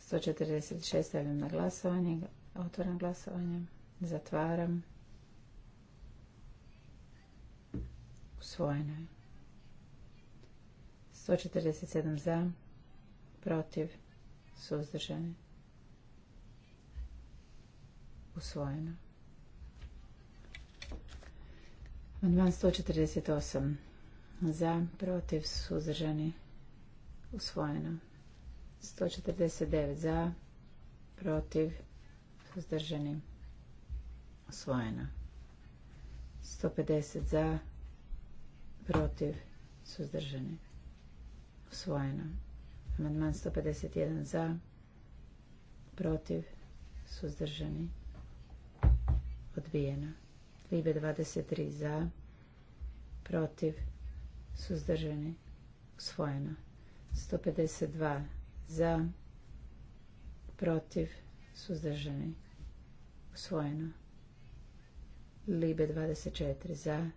146 stavljam na glasovanje. Otvoram glasovanje. Zatvaram. Usvojeno je. 147 za, protiv, suzdržani. Usvojeno. Amandman 148. Za, protiv, suzdržani. Usvojeno. 149. Za, protiv, suzdržani. Usvojeno. 150. Za, protiv, suzdržani. Usvojeno. Amandman 151. Za, protiv, suzdržani odbijeno. Libe 23 za, protiv, suzdržani, usvojeno. 152 za, protiv, suzdržani, usvojeno. Libe 24 za,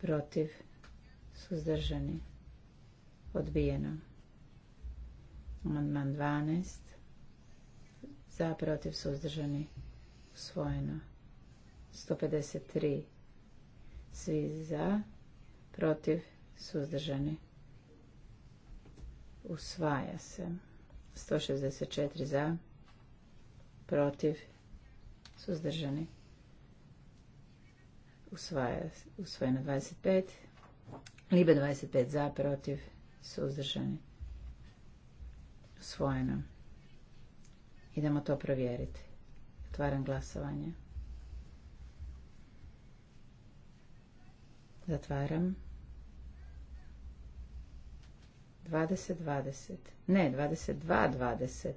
protiv, suzdržani, odbijeno. Amandman 12 za, protiv, suzdržani, usvojeno. 153 svi za, protiv, suzdržani. Usvaja se. 164 za, protiv, suzdržani. Usvaja, usvojeno 25. Libe 25 za, protiv, suzdržani. Usvojeno. Idemo to provjeriti. Otvaram glasovanje. Zatvaram. 20, 20. Ne, 22, 20.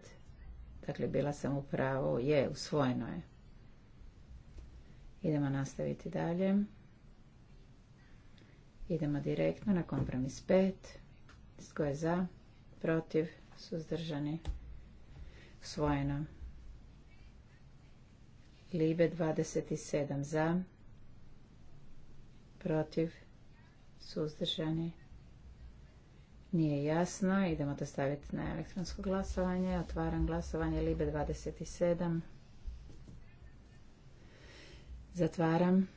Dakle, bila sam u pravu. Je, usvojeno je. Idemo nastaviti dalje. Idemo direktno na kompromis 5. Tko je za? Protiv? Suzdržani? Usvojeno. Libe 27 za, protiv, suzdržani. Nije jasno, idemo to staviti na elektronsko glasovanje. Otvaram glasovanje Libe 27. Zatvaram.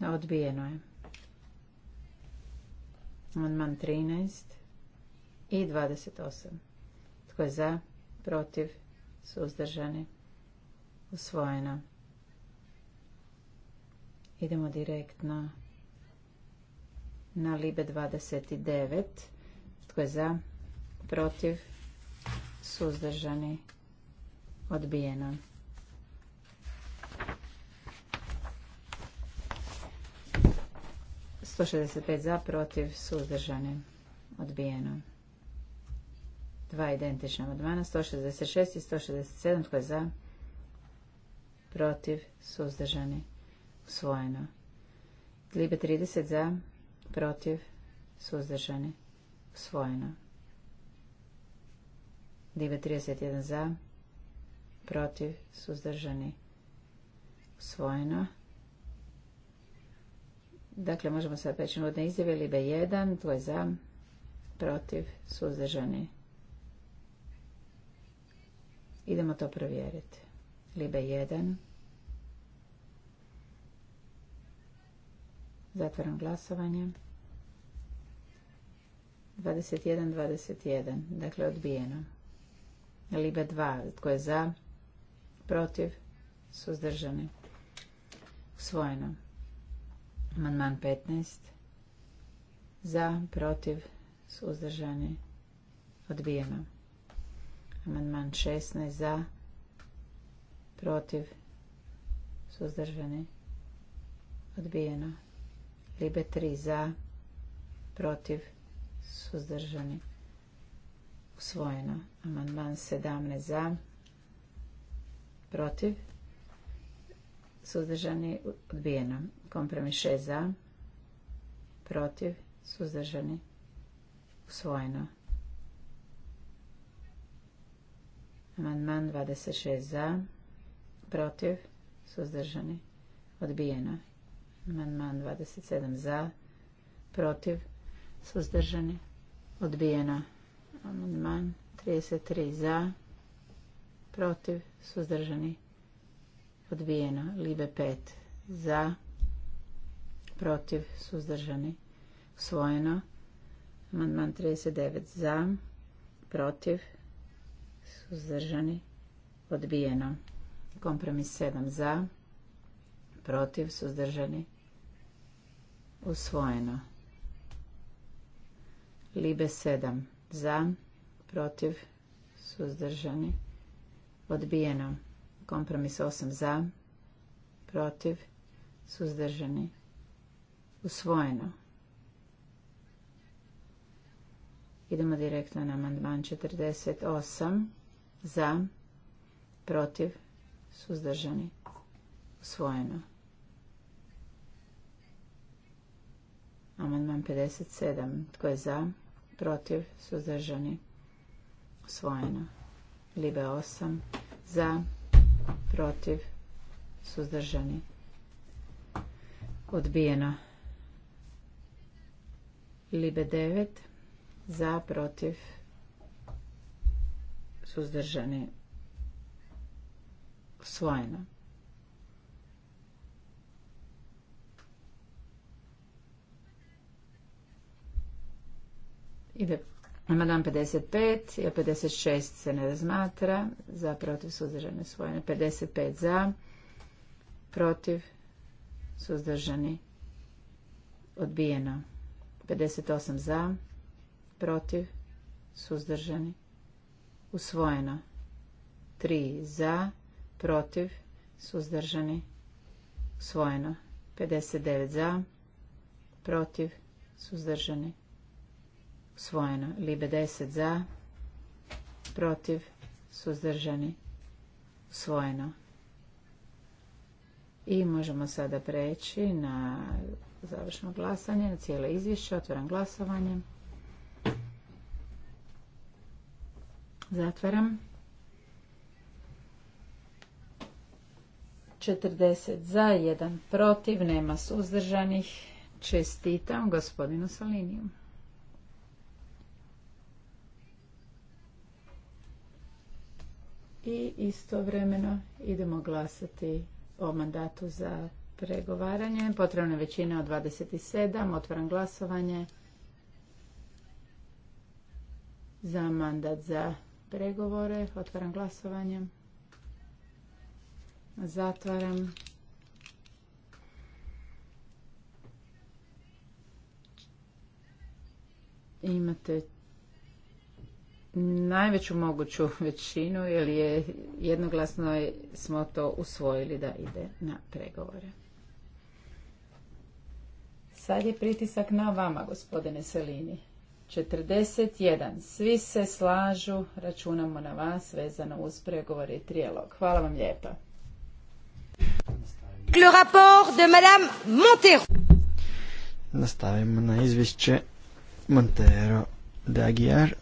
Odbijeno je. Amandman 13 i 28. Tko je za, protiv, suzdržani? Usvojena. Idemo direktno na Libe 29. Tko je za? Protiv? Suzdržani? Odbijeno. Sto za, protiv, suzdržani, odbijeno. Dva identična amandmana, 166 i 167, tko je za, protiv, suzdržani, usvojeno. Libe 30 za, protiv, suzdržani, usvojeno. Libe 31 za, protiv, suzdržani, usvojeno. Dakle, možemo sad peći nudne izjave. Libe 1, tvoj za, protiv, suzdržani. Idemo to provjeriti. Libe 1, Zatvaram glasovanje. 21, 21. Dakle, odbijeno. Libe 2. Tko je za? Protiv? Suzdržani? Usvojeno. Amandman 15. Za? Protiv? Suzdržani? Odbijeno. Amandman 16. Za? Protiv? Suzdržani? Odbijeno. Libe 3 za, protiv, suzdržani, usvojeno. Amandman 17 za, protiv, suzdržani, odbijeno. Kompromis 6 za, protiv, suzdržani, usvojeno. Amandman 26 za, protiv, suzdržani, odbijeno. Amandman 27 za, protiv, suzdržani, odbijeno. Amandman 33 za, protiv, suzdržani, odbijeno. Libe 5 za, protiv, suzdržani, usvojeno. Amandman 39 za, protiv, suzdržani, odbijeno. Kompromis 7 za, protiv, suzdržani, odbijeno Usvojeno. Libe 7. Za, protiv, suzdržani. Odbijeno. Kompromis 8. Za, protiv, suzdržani. Usvojeno. Idemo direktno na amandman 48. Za, protiv, suzdržani. Usvojeno. Amandman 57. Tko je za? Protiv? Suzdržani? Usvojeno. Libe 8. Za? Protiv? Suzdržani? Odbijeno. Libe 9. Za? Protiv? Suzdržani? Usvojeno. Ide dan 55, ja 56 se ne razmatra, za protiv suzdržani usvojeno, 55 za, protiv suzdržani odbijeno, 58 za, protiv suzdržani usvojeno, 3 za, protiv suzdržani usvojeno, 59 za, protiv suzdržani usvojeno usvojeno. Libe 10 za, protiv, suzdržani, usvojeno. I možemo sada preći na završno glasanje, na cijelo izvješće, otvaram glasovanje. Zatvaram. 40 za, 1 protiv, nema suzdržanih. Čestitam gospodinu Saliniju. i istovremeno idemo glasati o mandatu za pregovaranje. Potrebna je većina od 27. Otvaram glasovanje za mandat za pregovore. Otvaram glasovanje. Zatvaram. Imate najveću moguću većinu jer je jednoglasno smo to usvojili da ide na pregovore. Sad je pritisak na vama, gospodine Selini. 41. Svi se slažu, računamo na vas vezano uz pregovore i trijelog. Hvala vam lijepa. Nastavimo na izvješće Montero de Aguiar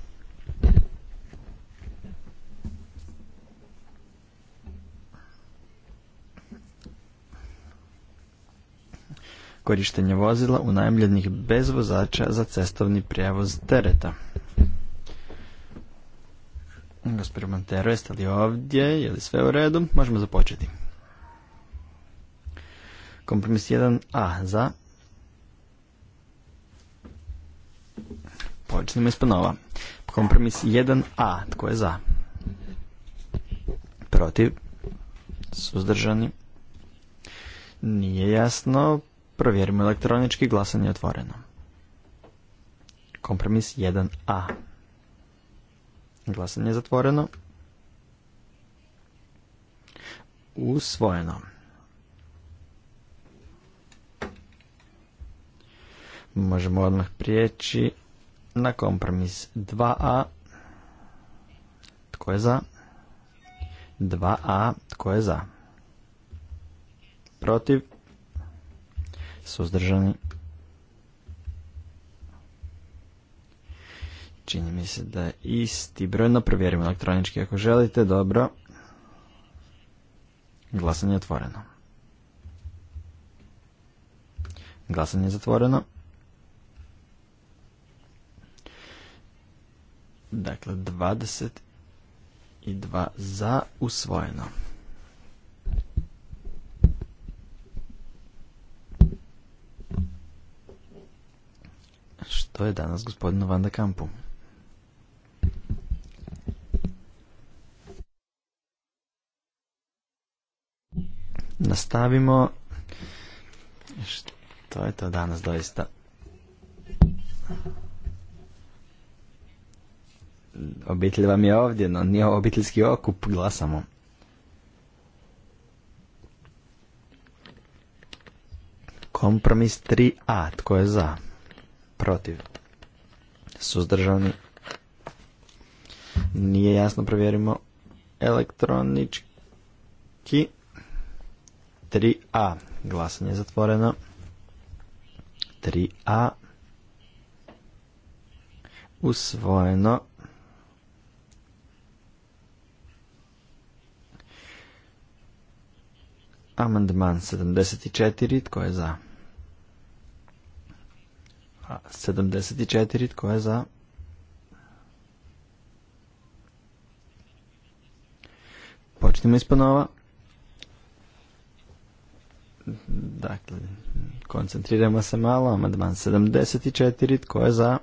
korištenje vozila unajmljenih bez vozača za cestovni prijevoz tereta. Gospodin Montero, jeste li ovdje? Je li sve u redu? Možemo započeti. Kompromis 1a za. Počnemo iz ponova. Kompromis 1a. Tko je za? Protiv? Suzdržani? Nije jasno. Provjerimo elektronički. Glasanje je otvoreno. Kompromis 1a. Glasanje je zatvoreno. Usvojeno. Možemo odmah prijeći na kompromis 2a. Tko je za? 2a. Tko je za? Protiv? Suzdržani? Čini mi se da je isti broj, provjerimo elektronički ako želite, dobro. Glasanje je otvoreno. Glasanje je zatvoreno. Dakle, 22 za usvojeno. Što je danas gospodinu Van Kampu? Nastavimo. Što je to danas doista? obitelj vam je ovdje, no nije obiteljski okup, glasamo. Kompromis 3a, tko je za? Protiv. Suzdržani. Nije jasno, provjerimo elektronički. 3a, glasanje je zatvoreno. 3a. Usvojeno Amandman 74, tko je za? 74, tko je za? Počnimo isponova. Dakle, koncentriramo se malo. Amandman 74, tko je za?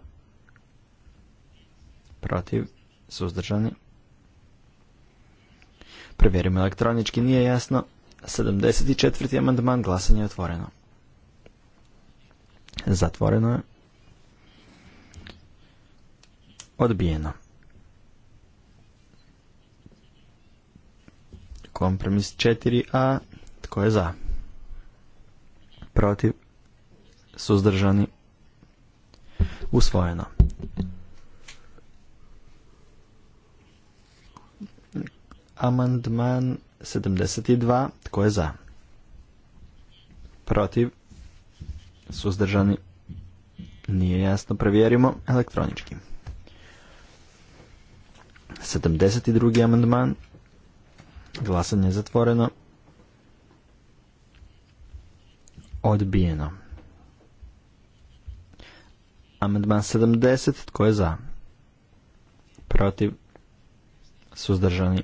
Protiv, suzdržani. Provjerimo elektronički, nije jasno. 74. amandman glasanje je otvoreno. Zatvoreno je. Odbijeno. Kompromis 4a. Tko je za? Protiv. Suzdržani. Usvojeno. Amandman 72. Tko je za? Protiv? Suzdržani? Nije jasno. Provjerimo elektronički. 72. amandman. Glasanje je zatvoreno. Odbijeno. Amandman 70. Tko je za? Protiv? Suzdržani?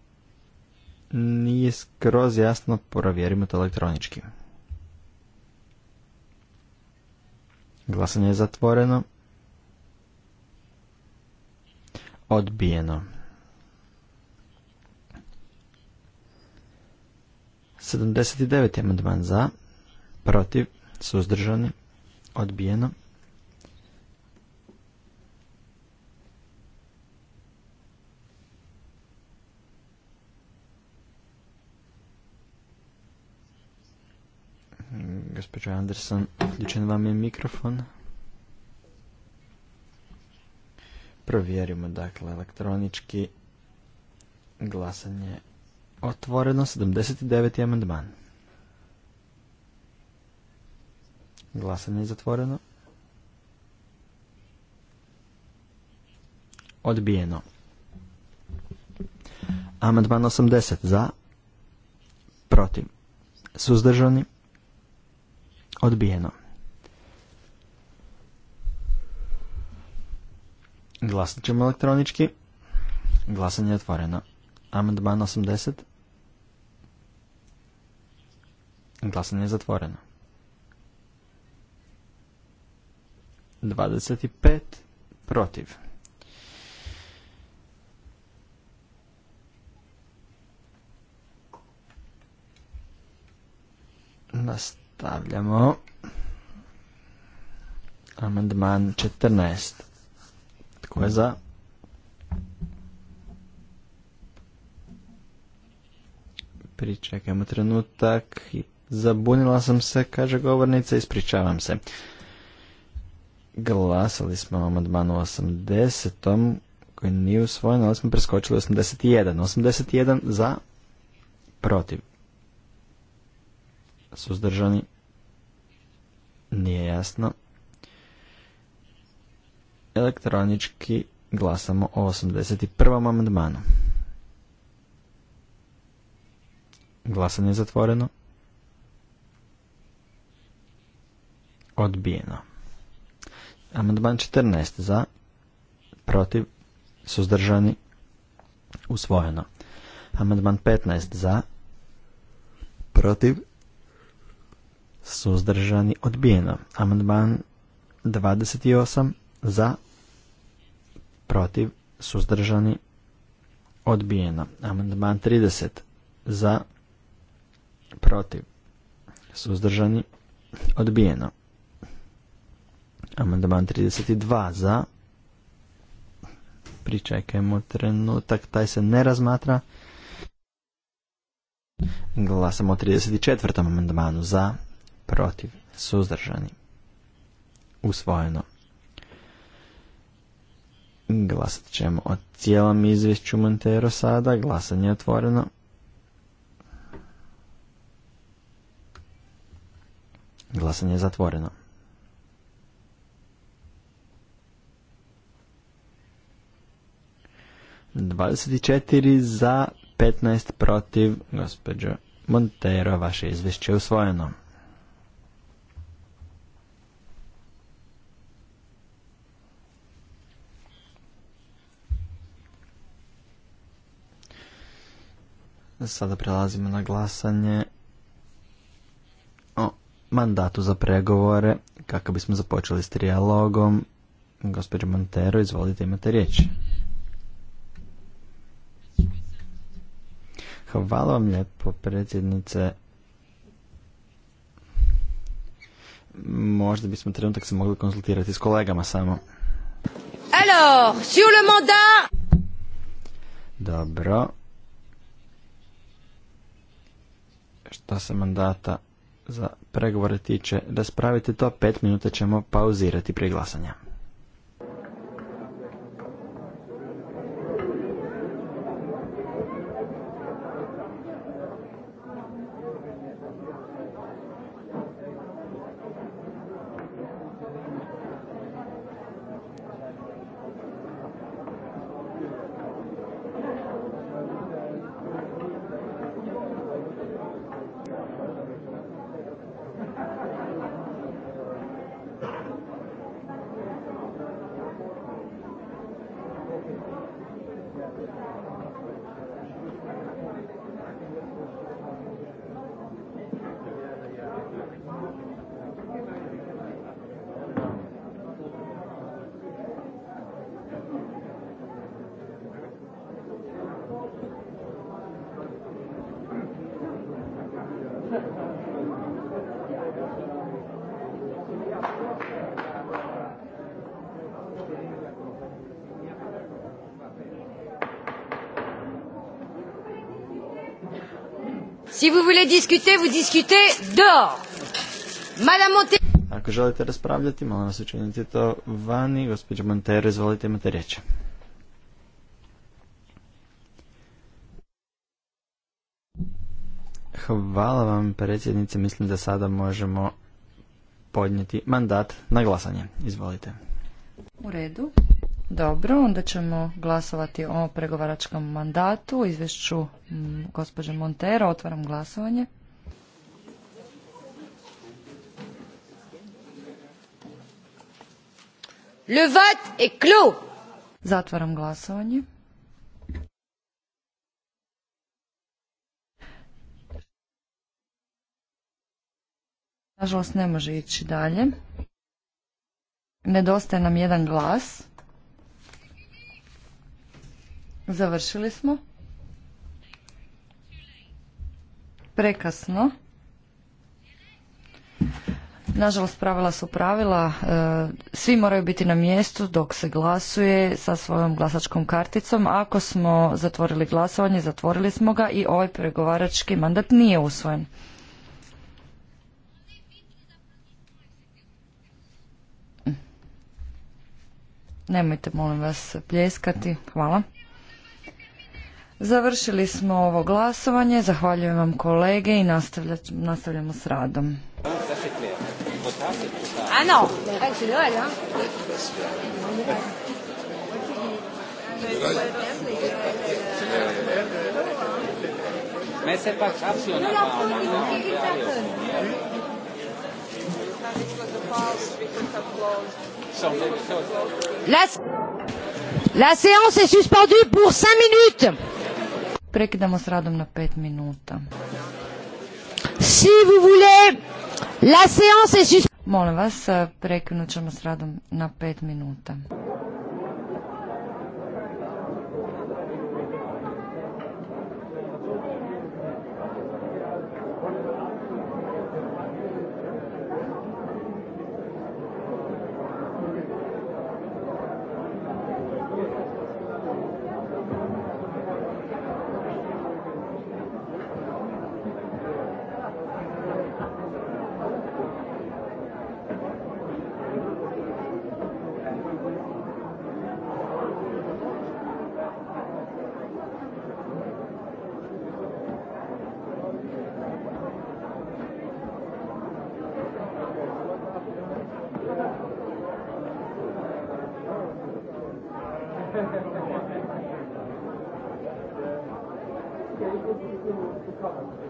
nije skroz jasno, provjerimo to elektronički. Glasanje je zatvoreno. Odbijeno. 79. amandman za, protiv, suzdržani, odbijeno. Gospođo Anderson, uključen vam je mikrofon. Provjerimo dakle elektronički glasanje otvoreno 79. amandman. Glasanje je zatvoreno. Odbijeno. Amandman 80 za, protiv, suzdržani, Odbijeno. Glasat ćemo elektronički. Glasanje je otvoreno. Amandman 80. Glasanje je zatvoreno. 25 protiv. Nas Nastavljamo. Amandman 14. Tko je za? Pričekajmo trenutak. Zabunila sam se, kaže govornica, ispričavam se. Glasali smo o amandmanu 80. koji nije usvojen, ali smo preskočili 81. 81 za, protiv suzdržani, nije jasno. Elektronički glasamo o 81. amandmanu. Glasanje je zatvoreno. Odbijeno. Amandman 14 za, protiv, suzdržani, usvojeno. Amandman 15 za, protiv, suzdržani, odbijeno. Amandman 28 za, protiv, suzdržani, odbijeno. Amandman 30 za, protiv, suzdržani, odbijeno. Amandman 32 za, pričekajmo trenutak, taj se ne razmatra. Glasamo o 34. amandmanu za, protiv, suzdržani, usvojeno. Glasat ćemo o cijelom izvješću Montero sada, glasanje je otvoreno. Glasanje je zatvoreno. Dvadeset četiri za, 15 protiv, gospođo Montero, vaše izvješće je usvojeno. Sada prelazimo na glasanje o mandatu za pregovore kako bismo započeli s trijalogom. Gospođo Montero, izvolite, imate riječ. Hvala vam lijepo, predsjednice. Možda bismo trenutak se mogli konsultirati s kolegama samo. Alors, sur le mandat... Dobro. što se mandata za pregovore tiče raspraviti to, pet minuta ćemo pauzirati prije glasanja. discutez, vous discutez dehors. Madame Ako želite raspravljati, molim vas učiniti to vani. Gospođo Montero, izvolite, imate riječ. Hvala vam, predsjednice. Mislim da sada možemo podnijeti mandat na glasanje. Izvolite. U redu. Dobro, onda ćemo glasovati o pregovaračkom mandatu, izvješću mm, gospođe Montero. Otvaram glasovanje. Le vote est clos. Zatvaram glasovanje. Nažalost ne može ići dalje. Nedostaje nam jedan glas. Završili smo. Prekasno. Nažalost, pravila su pravila. E, svi moraju biti na mjestu dok se glasuje sa svojom glasačkom karticom. Ako smo zatvorili glasovanje, zatvorili smo ga i ovaj pregovarački mandat nije usvojen. Nemojte, molim vas, pljeskati. Hvala. Završili smo ovo glasovanje. Zahvaljujem vam kolege i nastavljamo s radom. Ah non c'est ah La, séance est suspendue pour 5 minutes. Prekidamo s radom na 5 minuta. Si vous voulez La séance est suspendue. Molim vas, prekinut ćemo s radom na 5 minuta. pa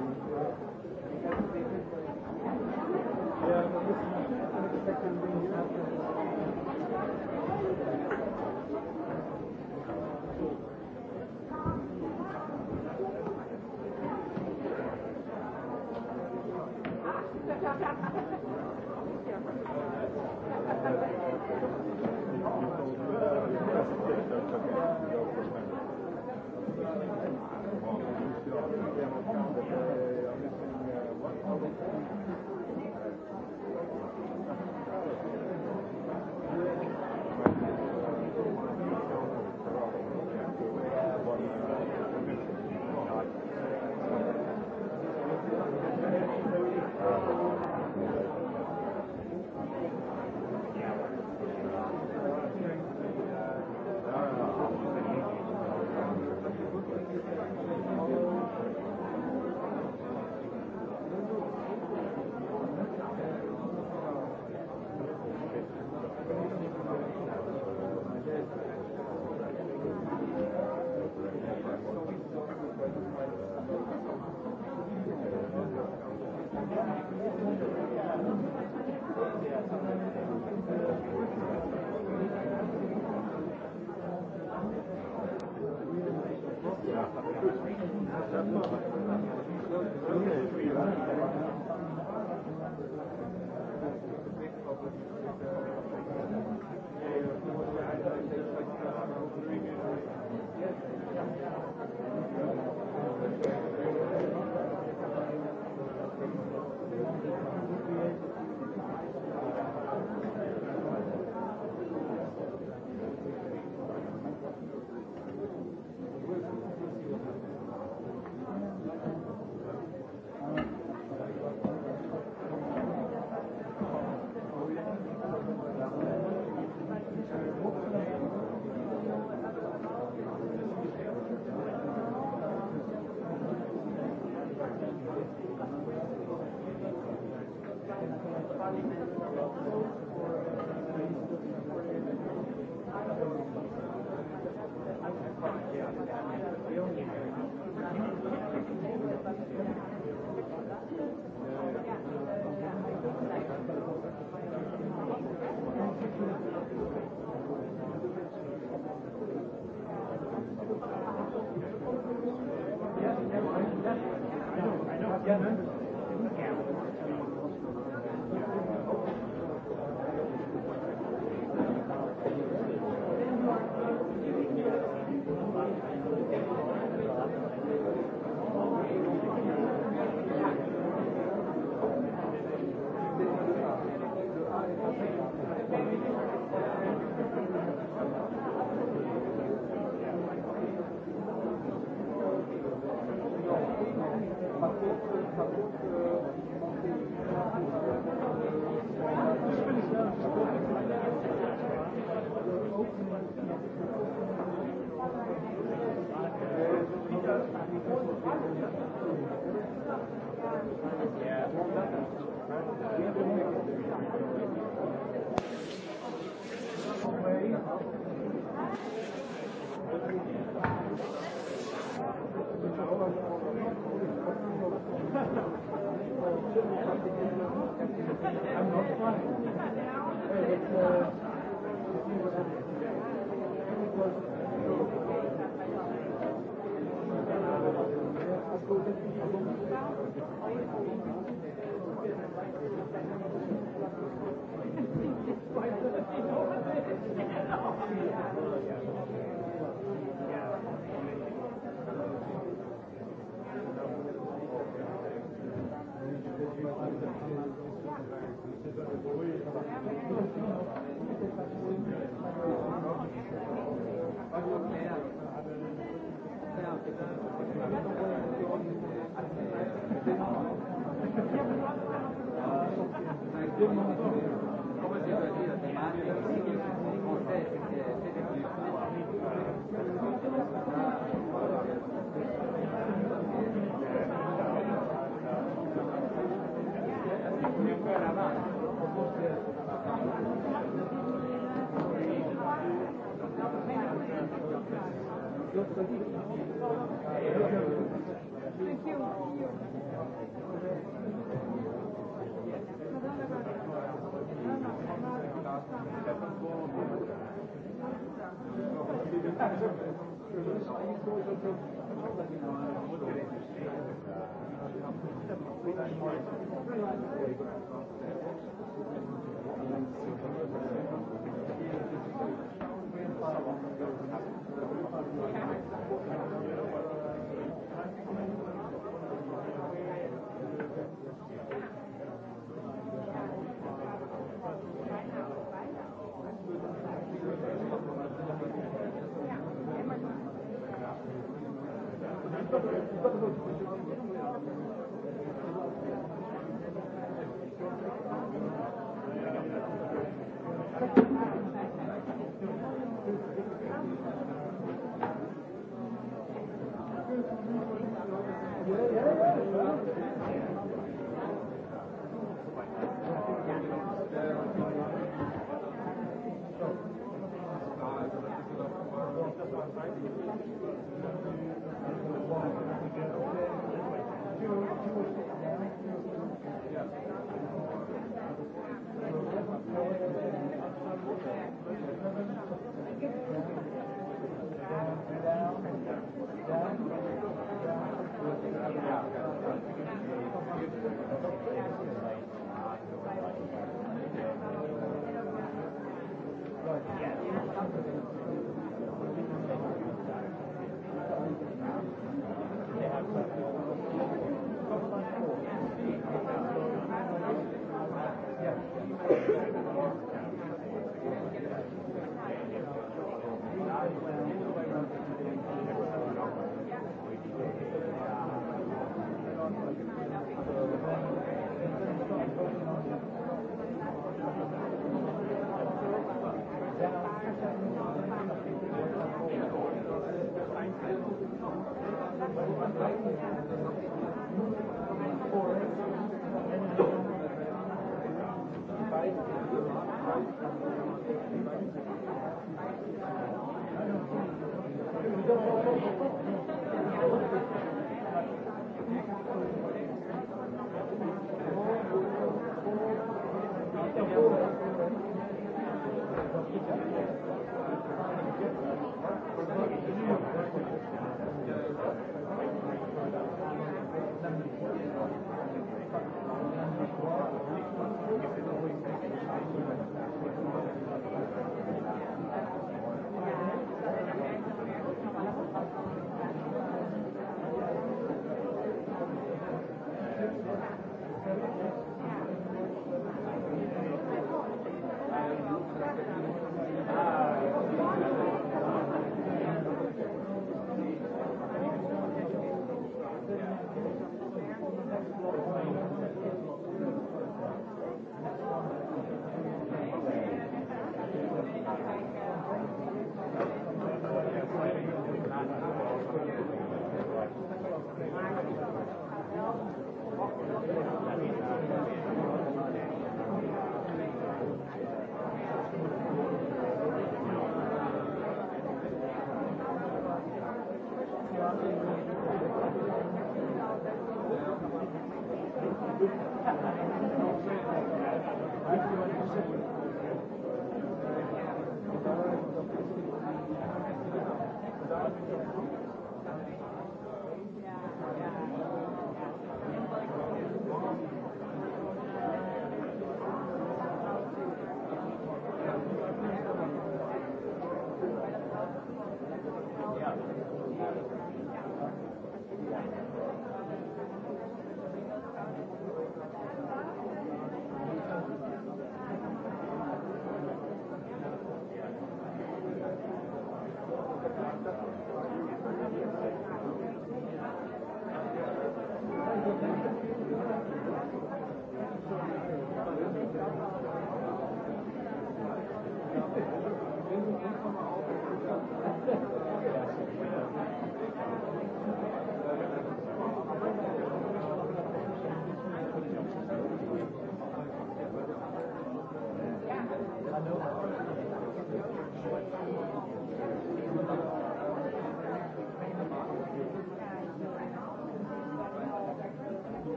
Hvala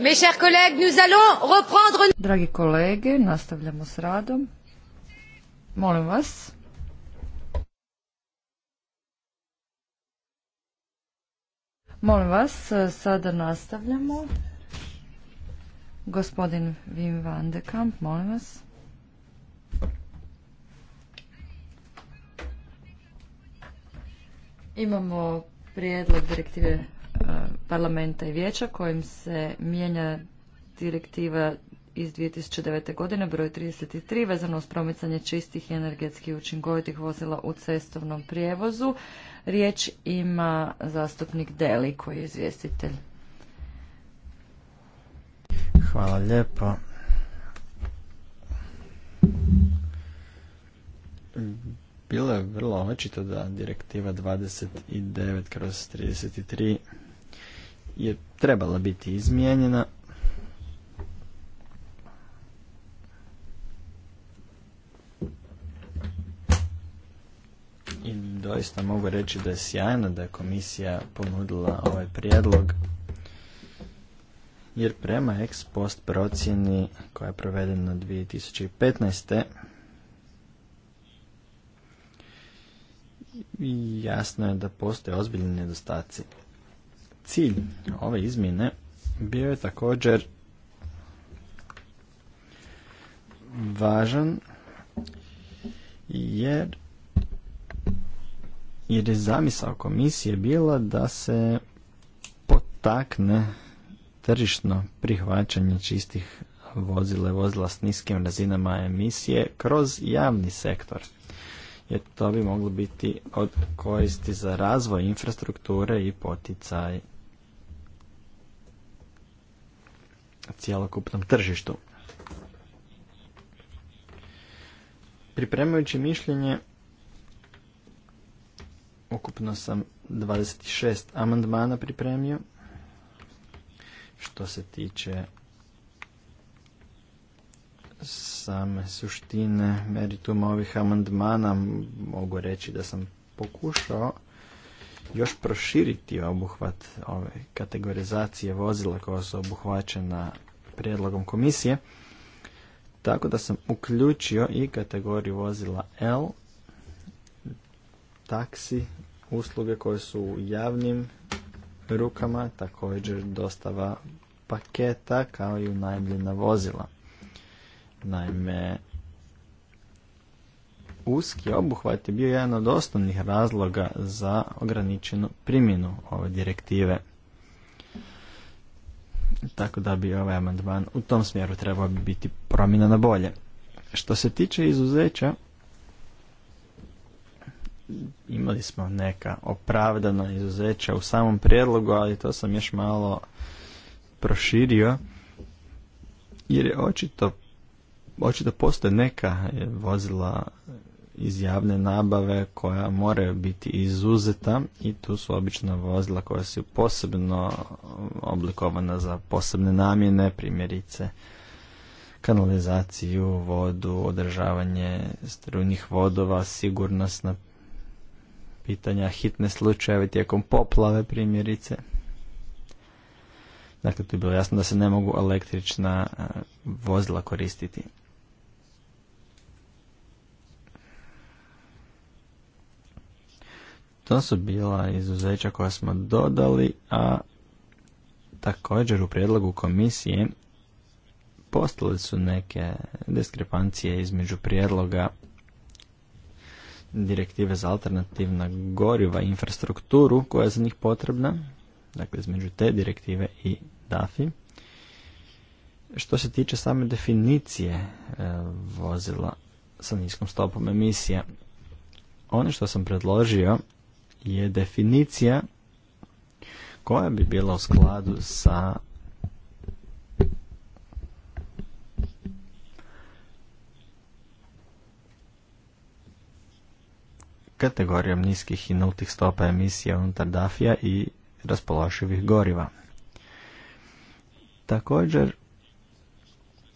Mes chers Dragi kolege, nastavljamo s radom. Molim vas. Molim vas, sada nastavljamo. Gospodin Wim van de Kamp, molim vas. Imamo prijedlog direktive parlamenta i vijeća kojim se mijenja direktiva iz 2009. godine broj 33 vezano uz promicanje čistih i energetski učinkovitih vozila u cestovnom prijevozu. Riječ ima zastupnik Deli koji je izvjestitelj. Hvala lijepo. Bilo je vrlo očito da direktiva 29 kroz 33 je trebala biti izmijenjena. I doista mogu reći da je sjajno da je komisija ponudila ovaj prijedlog jer prema ex post procjeni koja je provedena 2015. jasno je da postoje ozbiljni nedostaci. Cilj ove izmjene bio je također važan jer jer je zamisao komisije bila da se potakne tržišno prihvaćanje čistih vozila vozila s niskim razinama emisije kroz javni sektor. Jer to bi moglo biti od koristi za razvoj infrastrukture i poticaj cjelokupnom tržištu. Pripremajući mišljenje, ukupno sam 26 amandmana pripremio. Što se tiče same suštine merituma ovih amandmana, mogu reći da sam pokušao još proširiti obuhvat ove kategorizacije vozila koja su obuhvaćena prijedlogom komisije. Tako da sam uključio i kategoriju vozila L, taksi, usluge koje su u javnim rukama, također dostava paketa kao i unajmljena vozila. Naime, uski obuhvat je bio jedan od osnovnih razloga za ograničenu primjenu ove direktive. Tako da bi ovaj amandman u tom smjeru trebao biti promjena na bolje. Što se tiče izuzeća, imali smo neka opravdana izuzeća u samom prijedlogu, ali to sam još malo proširio, jer je očito, očito postoje neka vozila iz javne nabave koja moraju biti izuzeta i tu su obična vozila koja su posebno oblikovana za posebne namjene, primjerice kanalizaciju, vodu, održavanje strujnih vodova, sigurnosna pitanja, hitne slučajeve tijekom poplave primjerice. Dakle, tu je bilo jasno da se ne mogu električna vozila koristiti. To su bila izuzeća koja smo dodali, a također u prijedlogu komisije postale su neke diskrepancije između prijedloga direktive za alternativna goriva i infrastrukturu koja je za njih potrebna, dakle između te direktive i DAFI. Što se tiče same definicije e, vozila sa niskom stopom emisija, ono što sam predložio je definicija koja bi bila u skladu sa kategorijom niskih i nultih stopa emisija unutar DAFija i raspoloživih goriva. Također,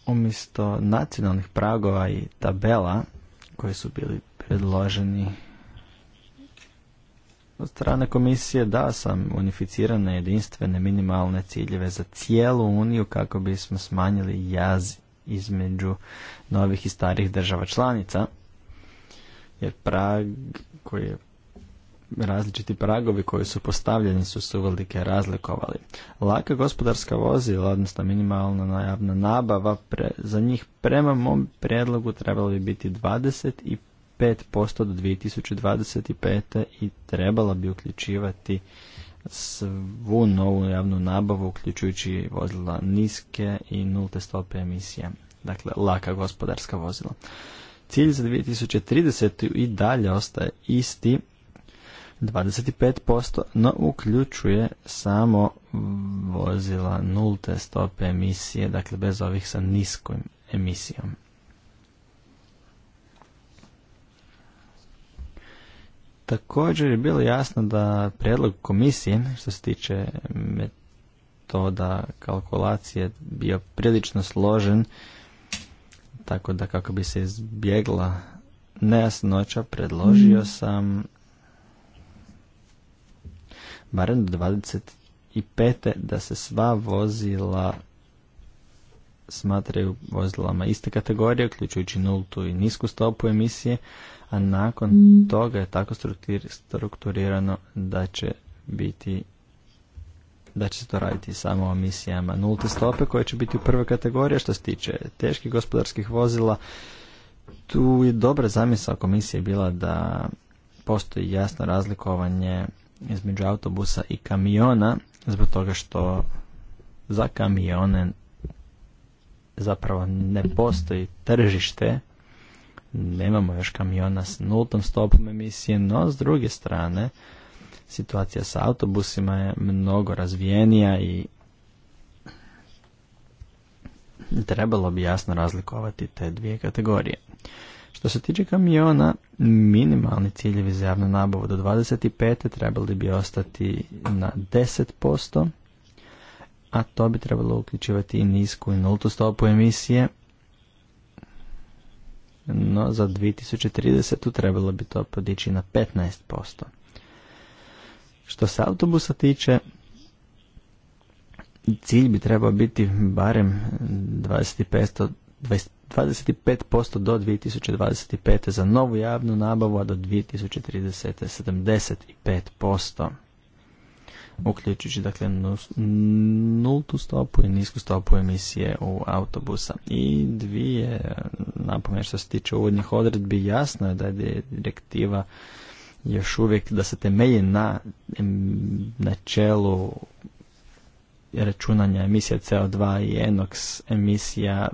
umjesto nacionalnih pragova i tabela koji su bili predloženi od strane komisije da sam unificirane jedinstvene minimalne ciljeve za cijelu Uniju kako bismo smanjili jaz između novih i starih država članica. Jer prag koji je različiti pragovi koji su postavljeni su se uvelike razlikovali. Laka gospodarska vozila, odnosno minimalna najavna nabava, za njih prema mom prijedlogu trebalo bi biti 25 5% do 2025. i trebala bi uključivati svu novu javnu nabavu, uključujući vozila niske i nulte stope emisije, dakle laka gospodarska vozila. Cilj za 2030. i dalje ostaje isti, 25%, no uključuje samo vozila nulte stope emisije, dakle bez ovih sa niskom emisijom. Također je bilo jasno da predlog komisije što se tiče metoda kalkulacije bio prilično složen, tako da kako bi se izbjegla nejasnoća predložio mm. sam barem do 25. da se sva vozila smatraju vozilama iste kategorije, uključujući nultu i nisku stopu emisije, a nakon mm. toga je tako strukturirano da će biti da će se to raditi samo o emisijama nulte stope koje će biti u prve kategorije što se tiče teških gospodarskih vozila. Tu je dobra zamisla komisije bila da postoji jasno razlikovanje između autobusa i kamiona zbog toga što za kamione zapravo ne postoji tržište, nemamo još kamiona s nultom stopom emisije, no s druge strane situacija sa autobusima je mnogo razvijenija i trebalo bi jasno razlikovati te dvije kategorije. Što se tiče kamiona, minimalni ciljevi za javnu nabavu do 25. trebali bi ostati na 10%, a to bi trebalo uključivati i nisku i nultu stopu emisije, no za 2030. trebalo bi to podići na 15%. Što se autobusa tiče, cilj bi trebao biti barem 25%, 25% do 2025. za novu javnu nabavu, a do 2030. 75% uključujući dakle nultu stopu i nisku stopu emisije u autobusa. I dvije e, napomene što se tiče uvodnih odredbi, jasno je da je direktiva još uvijek da se temelji na načelu računanja emisija CO2 i NOx emisija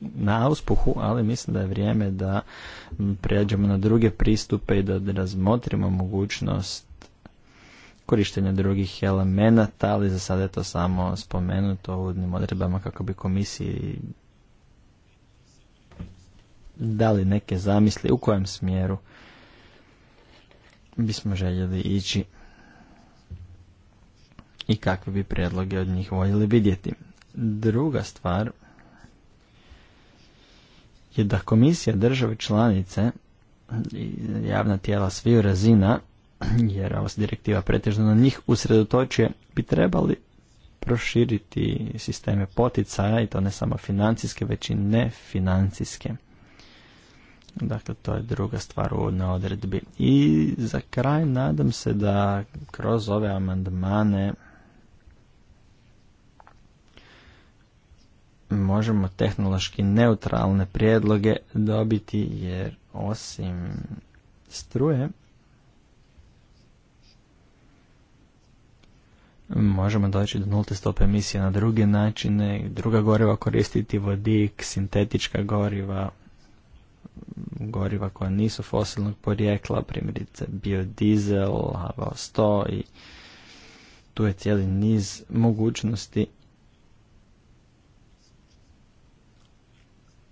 na uspuhu, ali mislim da je vrijeme da prijeđemo na druge pristupe i da razmotrimo mogućnost korištenja drugih elemenata, ali za sada je to samo spomenuto u odnim odredbama kako bi komisiji dali neke zamisli u kojem smjeru bismo željeli ići i kakve bi prijedloge od njih voljeli vidjeti. Druga stvar je da komisija države članice i javna tijela sviju razina jer ova se direktiva pretežno na njih usredotočuje, bi trebali proširiti sisteme poticaja i to ne samo financijske, već i nefinancijske. Dakle, to je druga stvar u na odredbi. I za kraj nadam se da kroz ove amandmane možemo tehnološki neutralne prijedloge dobiti jer osim struje možemo doći do nulte stope emisije na druge načine, druga goriva koristiti vodik, sintetička goriva, goriva koja nisu fosilnog porijekla, primjerice biodizel, HVO100 i tu je cijeli niz mogućnosti.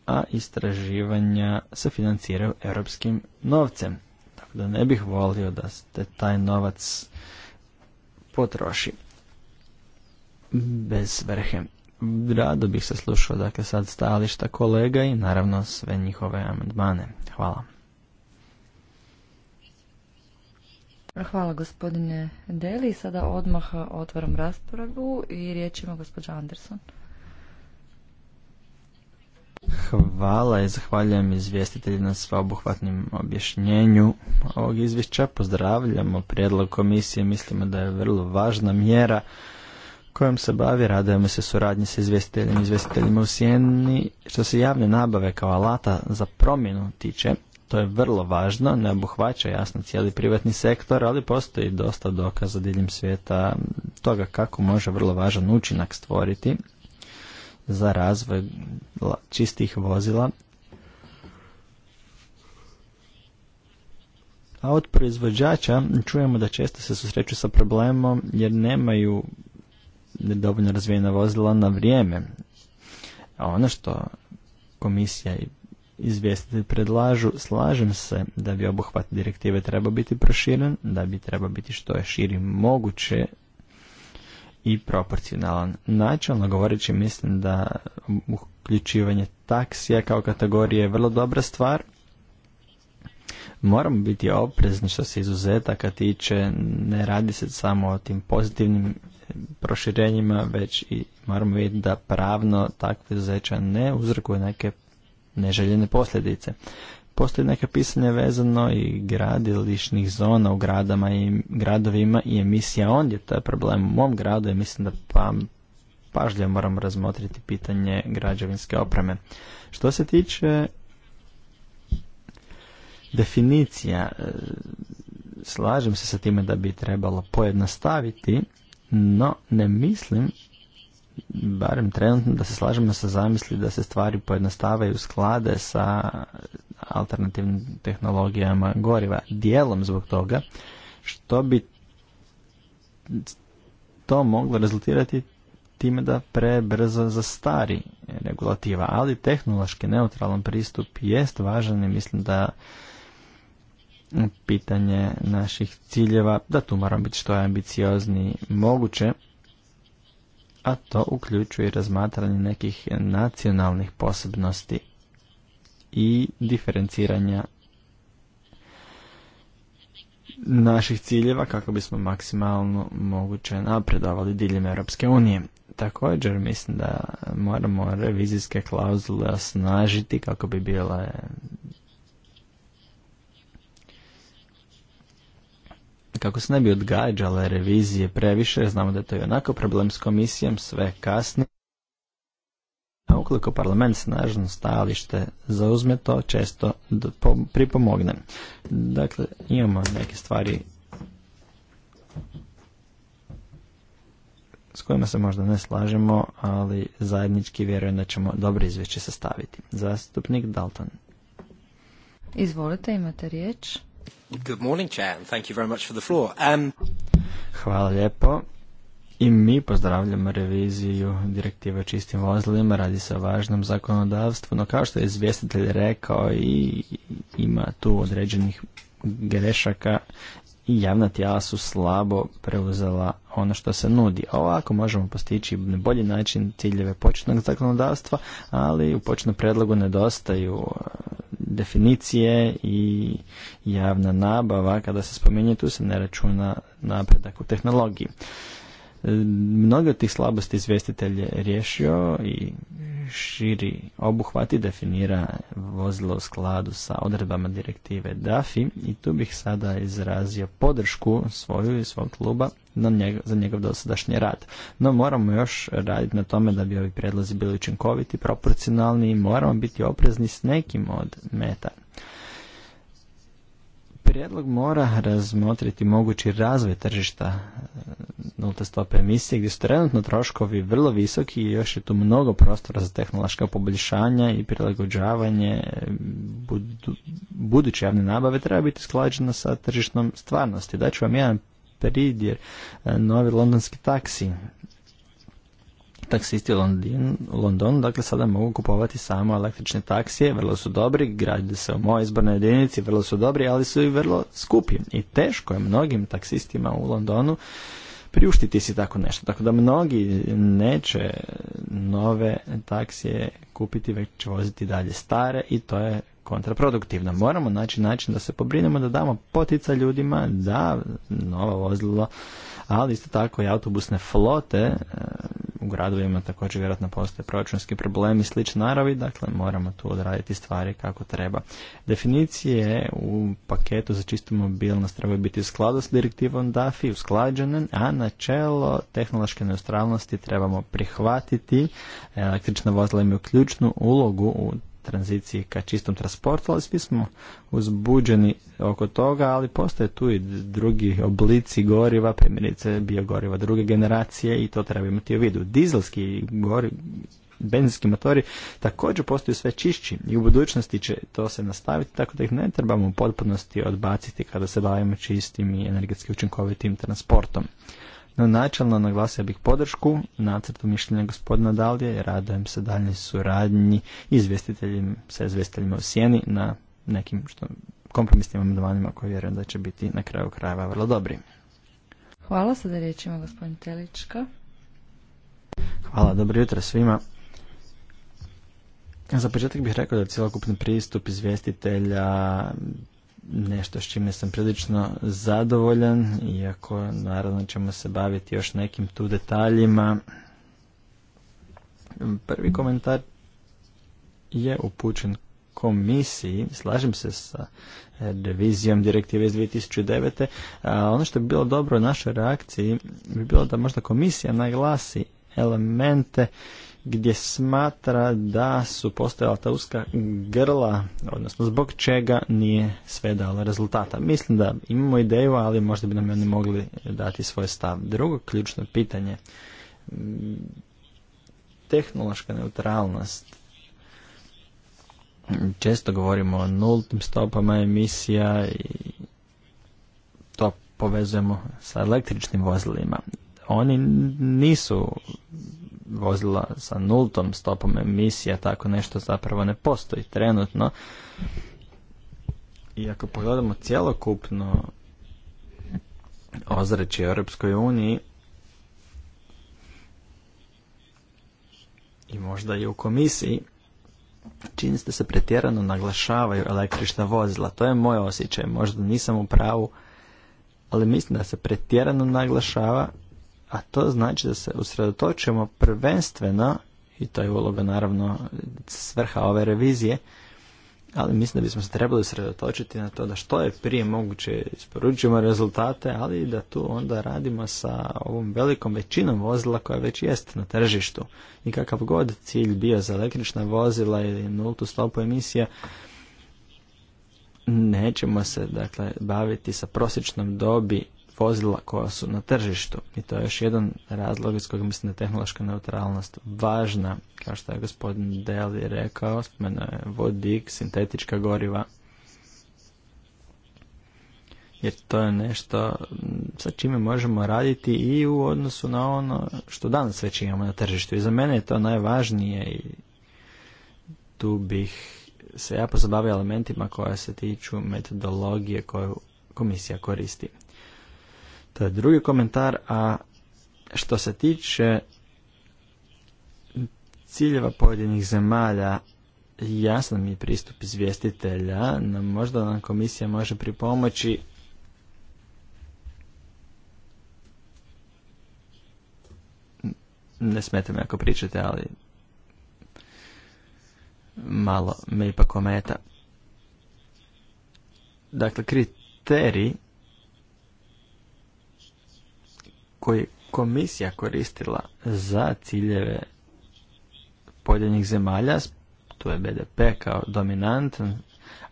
A istraživanja se financiraju europskim novcem. Tako da ne bih volio da ste taj novac potroši bez vrhe. Rado bih se slušao dakle sad stajališta kolega i naravno sve njihove amandmane. Hvala. Hvala gospodine Deli. Sada odmah otvaram raspravu i riječ ima gospođa Anderson. Hvala i zahvaljujem izvjestitelji na sveobuhvatnim objašnjenju ovog izvješća. Pozdravljamo prijedlog komisije, mislimo da je vrlo važna mjera kojom se bavi, radujemo se suradnji sa izvjestiteljima i izvjestiteljima u sjeni, Što se javne nabave kao alata za promjenu tiče, to je vrlo važno, ne obuhvaća jasno cijeli privatni sektor, ali postoji dosta dokaza diljem svijeta toga kako može vrlo važan učinak stvoriti za razvoj čistih vozila. A od proizvođača čujemo da često se susreću sa problemom jer nemaju dovoljno razvijena vozila na vrijeme. A ono što komisija i izvjestitelj predlažu, slažem se da bi obuhvat direktive trebao biti proširen, da bi trebao biti što je širi moguće i proporcionalan. Načelno govoreći mislim da uključivanje taksija kao kategorije je vrlo dobra stvar. Moramo biti oprezni što se izuzetaka tiče, ne radi se samo o tim pozitivnim proširenjima, već i moramo vidjeti da pravno takve zveća ne uzrokuje neke neželjene posljedice. Postoje neka pisanja vezano i gradilišnih zona u gradama i gradovima i emisija ondje. To je problem u mom gradu i mislim da pa, pažljivo moramo razmotriti pitanje građevinske opreme. Što se tiče definicija, e, slažem se sa time da bi trebalo pojednostaviti no, ne mislim, barem trenutno, da se slažemo sa zamisli da se stvari pojednostavaju i usklade sa alternativnim tehnologijama goriva. Dijelom zbog toga što bi to moglo rezultirati time da prebrzo zastari regulativa, ali tehnološki neutralan pristup jest važan i mislim da pitanje naših ciljeva, da tu moramo biti što je ambiciozni moguće, a to uključuje razmatranje nekih nacionalnih posebnosti i diferenciranja naših ciljeva kako bismo maksimalno moguće napredovali diljem Europske unije. Također mislim da moramo revizijske klauzule osnažiti kako bi bile kako se ne bi odgađale revizije previše, znamo da je to i onako problem s komisijom, sve kasni. A ukoliko parlament snažno stajalište zauzme to, često pripomogne. Dakle, imamo neke stvari s kojima se možda ne slažemo, ali zajednički vjerujem da ćemo dobro izvješće sastaviti. Zastupnik Dalton. Izvolite, imate riječ. Good morning, Chair, thank you very much for the floor. Um, Hvala lijepo. I mi pozdravljamo reviziju direktive o čistim vozilima, radi se o važnom zakonodavstvu, no kao što je izvjestitelj rekao i ima tu određenih grešaka i javna tijela su slabo preuzela ono što se nudi. ovako možemo postići na bolji način ciljeve početnog zakonodavstva, ali u početnom predlogu nedostaju uh, definicije i javna nabava. Kada se spominje, tu se ne računa napredak u tehnologiji. E, mnoge tih slabosti izvjestitelj je riješio i širi obuhvat i definira vozilo u skladu sa odredbama direktive DAFI i tu bih sada izrazio podršku svoju i svog kluba na za njegov dosadašnji rad. No moramo još raditi na tome da bi ovi prijedlozi bili učinkoviti, proporcionalni i moramo biti oprezni s nekim od meta. Prijedlog mora razmotriti mogući razvoj tržišta e, nulte stope emisije gdje su trenutno troškovi vrlo visoki i još je tu mnogo prostora za tehnološka poboljšanja i prilagođavanje e, buduće javne nabave treba biti sklađena sa tržišnom stvarnosti. Daću vam jedan pridjer, e, novi londonski taksi taksisti u London, dakle sada mogu kupovati samo električne taksije, vrlo su dobri, gradi se u mojoj izbornoj jedinici, vrlo su dobri, ali su i vrlo skupi. I teško je mnogim taksistima u Londonu priuštiti si tako nešto. Tako da mnogi neće nove taksije kupiti, već će voziti dalje stare i to je kontraproduktivno. Moramo naći način da se pobrinemo, da damo potica ljudima da nova vozila ali isto tako i autobusne flote e, u gradovima također vjerojatno postoje proračunski problemi slične naravi, dakle moramo tu odraditi stvari kako treba. Definicije u paketu za čistu mobilnost treba biti u skladu s direktivom DAFI, usklađene, a načelo tehnološke neustralnosti trebamo prihvatiti. Električna vozila imaju ključnu ulogu u tranziciji ka čistom transportu, ali svi smo uzbuđeni oko toga, ali postoje tu i drugi oblici goriva, primjerice biogoriva druge generacije i to treba imati u vidu. Dizelski gori, benzinski motori također postaju sve čišći i u budućnosti će to se nastaviti tako da ih ne trebamo u potpunosti odbaciti kada se bavimo čistim i energetski učinkovitim transportom. No načelno naglasio bih podršku nacrtu mišljenja gospodina Dalje i radujem se daljnjoj suradnji izvjestiteljima sa izvjestiteljima u Sjeni na nekim što, kompromisnim amandmanima koji vjerujem da će biti na kraju krajeva vrlo dobri. Hvala, sada riječ gospodin Telička. Hvala, dobro jutro svima. Za početak bih rekao da je cjelokupni pristup izvjestitelja nešto s čime sam prilično zadovoljan, iako naravno ćemo se baviti još nekim tu detaljima. Prvi komentar je upućen komisiji, slažem se sa e, revizijom direktive iz 2009. A ono što bi bilo dobro u našoj reakciji bi bilo da možda komisija naglasi elemente gdje smatra da su postojala ta uska grla, odnosno zbog čega nije sve dalo rezultata. Mislim da imamo ideju, ali možda bi nam oni mogli dati svoj stav. Drugo ključno pitanje, tehnološka neutralnost. Često govorimo o nultim stopama emisija i to povezujemo sa električnim vozilima. Oni nisu vozila sa nultom stopom emisija, tako nešto zapravo ne postoji trenutno. I ako pogledamo cjelokupno ozreći Europskoj uniji i možda i u komisiji, čini se se pretjerano naglašavaju električna vozila. To je moj osjećaj, možda nisam u pravu, ali mislim da se pretjerano naglašava a to znači da se usredotočimo prvenstveno, i to je uloga naravno svrha ove revizije, ali mislim da bismo se trebali usredotočiti na to da što je prije moguće isporučimo rezultate, ali da tu onda radimo sa ovom velikom većinom vozila koja već jest na tržištu. I kakav god cilj bio za električna vozila ili nultu stopu emisija, nećemo se dakle baviti sa prosječnom dobi vozila koja su na tržištu. I to je još jedan razlog iz kojeg mislim da je tehnološka neutralnost važna. Kao što je gospodin Deli rekao, spomeno je vodik, sintetička goriva. Jer to je nešto sa čime možemo raditi i u odnosu na ono što danas već imamo na tržištu. I za mene je to najvažnije i tu bih se ja pozabavio elementima koja se tiču metodologije koju komisija koristi. To je drugi komentar, a što se tiče ciljeva pojedinih zemalja, jasno mi pristup izvjestitelja, možda nam komisija može pripomoći ne smete me ako pričate, ali malo me ipak ometa. Dakle, kriterij koji komisija koristila za ciljeve pojedinih zemalja, tu je BDP kao dominantan,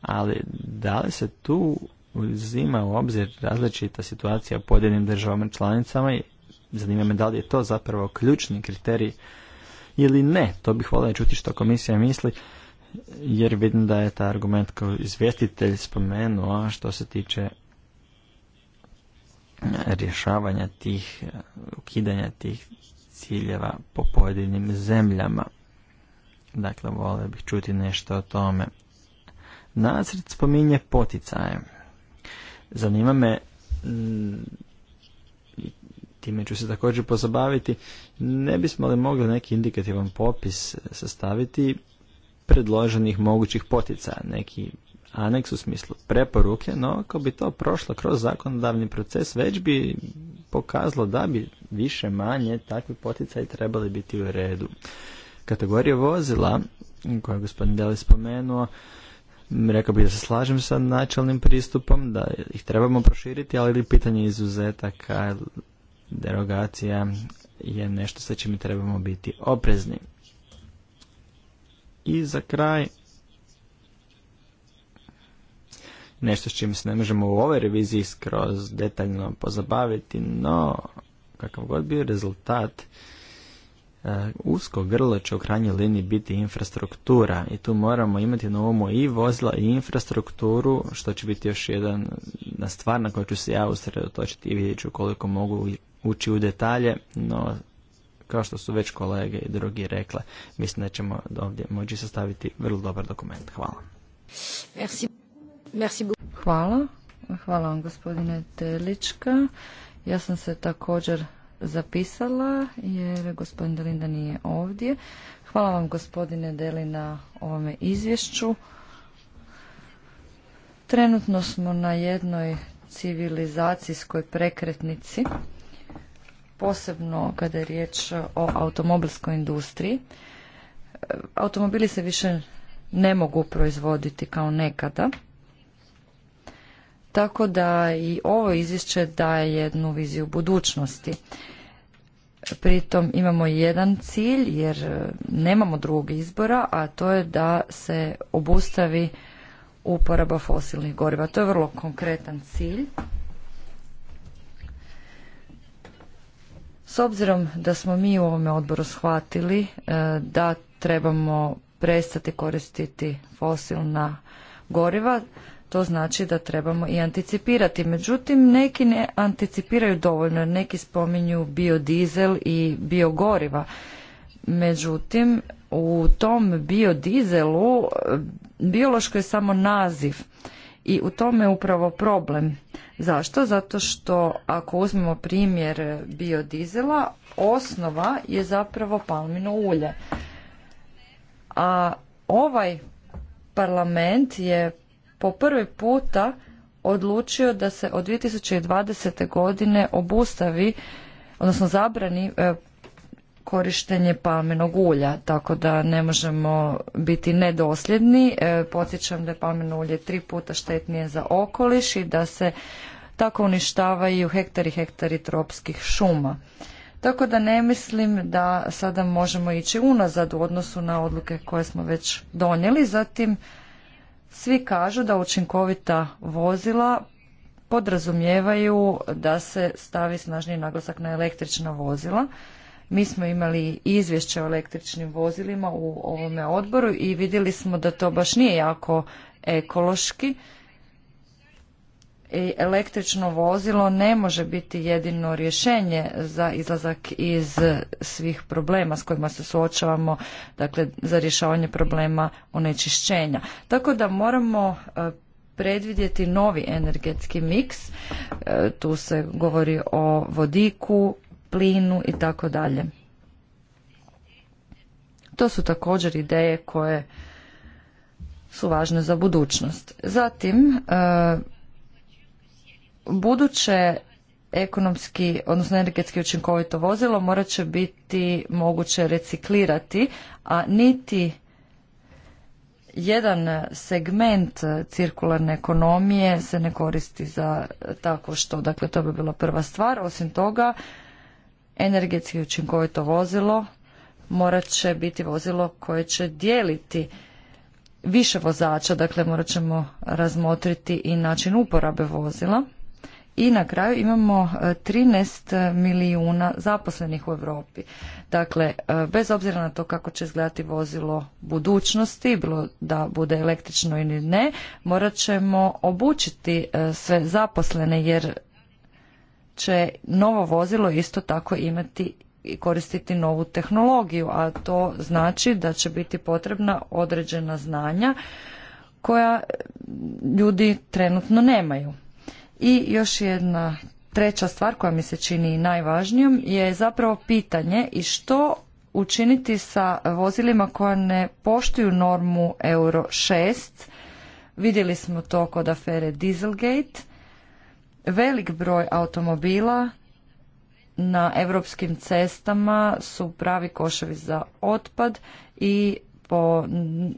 ali da li se tu uzima u obzir različita situacija u pojedinim državama članicama i zanima me da li je to zapravo ključni kriterij ili ne. To bih volio čuti što komisija misli jer vidim da je ta argument kao izvjestitelj spomenuo što se tiče rješavanja tih, ukidanja tih ciljeva po pojedinim zemljama. Dakle, volio bih čuti nešto o tome. Nacrt spominje poticaje. Zanima me, mm, time ću se također pozabaviti, ne bismo li mogli neki indikativan popis sastaviti predloženih mogućih poticaja, neki aneks u smislu preporuke, no ako bi to prošlo kroz zakonodavni proces, već bi pokazalo da bi više manje takvi poticaji trebali biti u redu. Kategorija vozila, koje je gospodin Deli spomenuo, rekao bih da se slažem sa načelnim pristupom, da ih trebamo proširiti, ali pitanje izuzetaka, derogacija je nešto sa čime trebamo biti oprezni. I za kraj, nešto s čim se ne možemo u ovoj reviziji skroz detaljno pozabaviti, no kakav god bio rezultat, e, usko grlo će u krajnjoj liniji biti infrastruktura i tu moramo imati na umu i vozila i infrastrukturu, što će biti još jedan na stvar na koju ću se ja usredotočiti i vidjet ću koliko mogu ući u detalje, no kao što su već kolege i drugi rekle, mislim da ćemo ovdje moći sastaviti vrlo dobar dokument. Hvala. Merci. Hvala. Hvala vam gospodine Telička. Ja sam se također zapisala jer gospodin Delinda nije ovdje. Hvala vam gospodine Deli na ovome izvješću. Trenutno smo na jednoj civilizacijskoj prekretnici, posebno kada je riječ o automobilskoj industriji. Automobili se više ne mogu proizvoditi kao nekada. Tako da i ovo izvješće daje jednu viziju budućnosti. Pritom imamo jedan cilj jer e, nemamo drugog izbora, a to je da se obustavi uporaba fosilnih goriva. To je vrlo konkretan cilj. S obzirom da smo mi u ovome odboru shvatili e, da trebamo prestati koristiti fosilna goriva, to znači da trebamo i anticipirati. Međutim, neki ne anticipiraju dovoljno, neki spominju biodizel i biogoriva. Međutim, u tom biodizelu biološko je samo naziv i u tome je upravo problem. Zašto? Zato što ako uzmemo primjer biodizela, osnova je zapravo palmino ulje. A ovaj parlament je po prvi puta odlučio da se od 2020. godine obustavi, odnosno zabrani e, korištenje palmenog ulja, tako da ne možemo biti nedosljedni. E, podsjećam da je palmeno ulje tri puta štetnije za okoliš i da se tako uništavaju hektari hektari tropskih šuma. Tako da ne mislim da sada možemo ići unazad u odnosu na odluke koje smo već donijeli. Zatim svi kažu da učinkovita vozila podrazumijevaju da se stavi snažniji naglasak na električna vozila. Mi smo imali izvješće o električnim vozilima u ovome odboru i vidjeli smo da to baš nije jako ekološki električno vozilo ne može biti jedino rješenje za izlazak iz svih problema s kojima se suočavamo, dakle za rješavanje problema onečišćenja. Tako da moramo e, predvidjeti novi energetski miks. E, tu se govori o vodiku, plinu i tako dalje. To su također ideje koje su važne za budućnost. Zatim e, Buduće ekonomski, odnosno energetski učinkovito vozilo morat će biti moguće reciklirati, a niti jedan segment cirkularne ekonomije se ne koristi za tako što. Dakle, to bi bila prva stvar. Osim toga, energetski učinkovito vozilo morat će biti vozilo koje će dijeliti više vozača, dakle morat ćemo razmotriti i način uporabe vozila. I na kraju imamo 13 e, milijuna zaposlenih u Europi. Dakle, e, bez obzira na to kako će izgledati vozilo budućnosti, bilo da bude električno ili ne, morat ćemo obučiti e, sve zaposlene jer će novo vozilo isto tako imati i koristiti novu tehnologiju, a to znači da će biti potrebna određena znanja koja ljudi trenutno nemaju. I još jedna treća stvar koja mi se čini najvažnijom je zapravo pitanje i što učiniti sa vozilima koja ne poštuju normu Euro 6. Vidjeli smo to kod afere Dieselgate. Velik broj automobila na europskim cestama su pravi koševi za otpad i, po,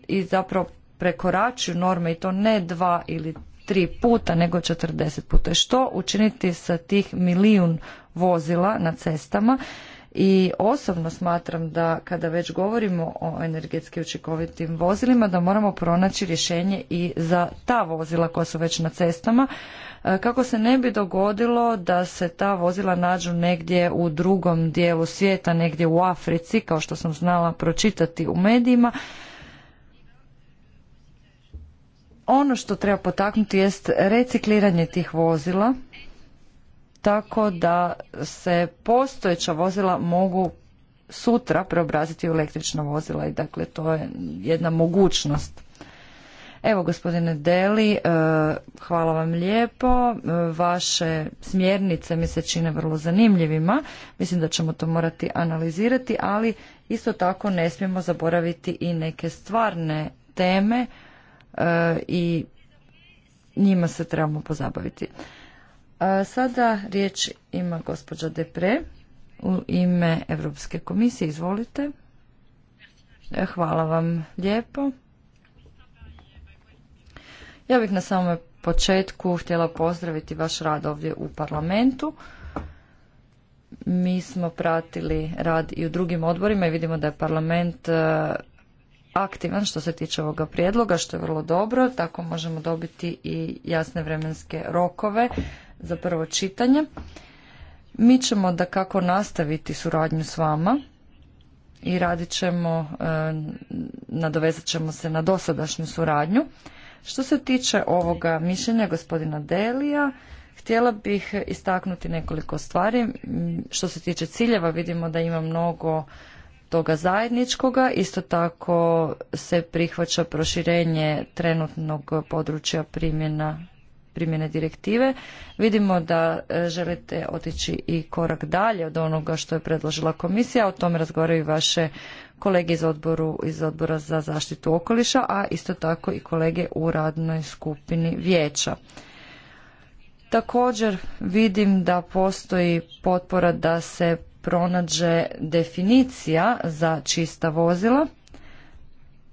i zapravo prekoračuju norme i to ne dva ili tri puta nego 40 puta. Što učiniti sa tih milijun vozila na cestama? I osobno smatram da kada već govorimo o energetski učinkovitim vozilima da moramo pronaći rješenje i za ta vozila koja su već na cestama e, kako se ne bi dogodilo da se ta vozila nađu negdje u drugom dijelu svijeta, negdje u Africi, kao što sam znala pročitati u medijima, ono što treba potaknuti jest recikliranje tih vozila tako da se postojeća vozila mogu sutra preobraziti u električna vozila i dakle to je jedna mogućnost. Evo gospodine Deli, e, hvala vam lijepo. E, vaše smjernice mi se čine vrlo zanimljivima. Mislim da ćemo to morati analizirati, ali isto tako ne smijemo zaboraviti i neke stvarne teme E, i njima se trebamo pozabaviti. E, sada riječ ima gospođa Depre u ime Europske komisije. Izvolite. E, hvala vam lijepo. Ja bih na samom početku htjela pozdraviti vaš rad ovdje u parlamentu. Mi smo pratili rad i u drugim odborima i vidimo da je parlament aktivan što se tiče ovoga prijedloga, što je vrlo dobro. Tako možemo dobiti i jasne vremenske rokove za prvo čitanje. Mi ćemo da kako nastaviti suradnju s vama i radit ćemo, e, nadovezat ćemo se na dosadašnju suradnju. Što se tiče ovoga mišljenja gospodina Delija, Htjela bih istaknuti nekoliko stvari. Što se tiče ciljeva, vidimo da ima mnogo toga zajedničkoga. Isto tako se prihvaća proširenje trenutnog područja primjena primjene direktive. Vidimo da e, želite otići i korak dalje od onoga što je predložila komisija. O tome razgovaraju vaše kolege iz, odboru, iz odbora za zaštitu okoliša, a isto tako i kolege u radnoj skupini vijeća. Također vidim da postoji potpora da se pronađe definicija za čista vozila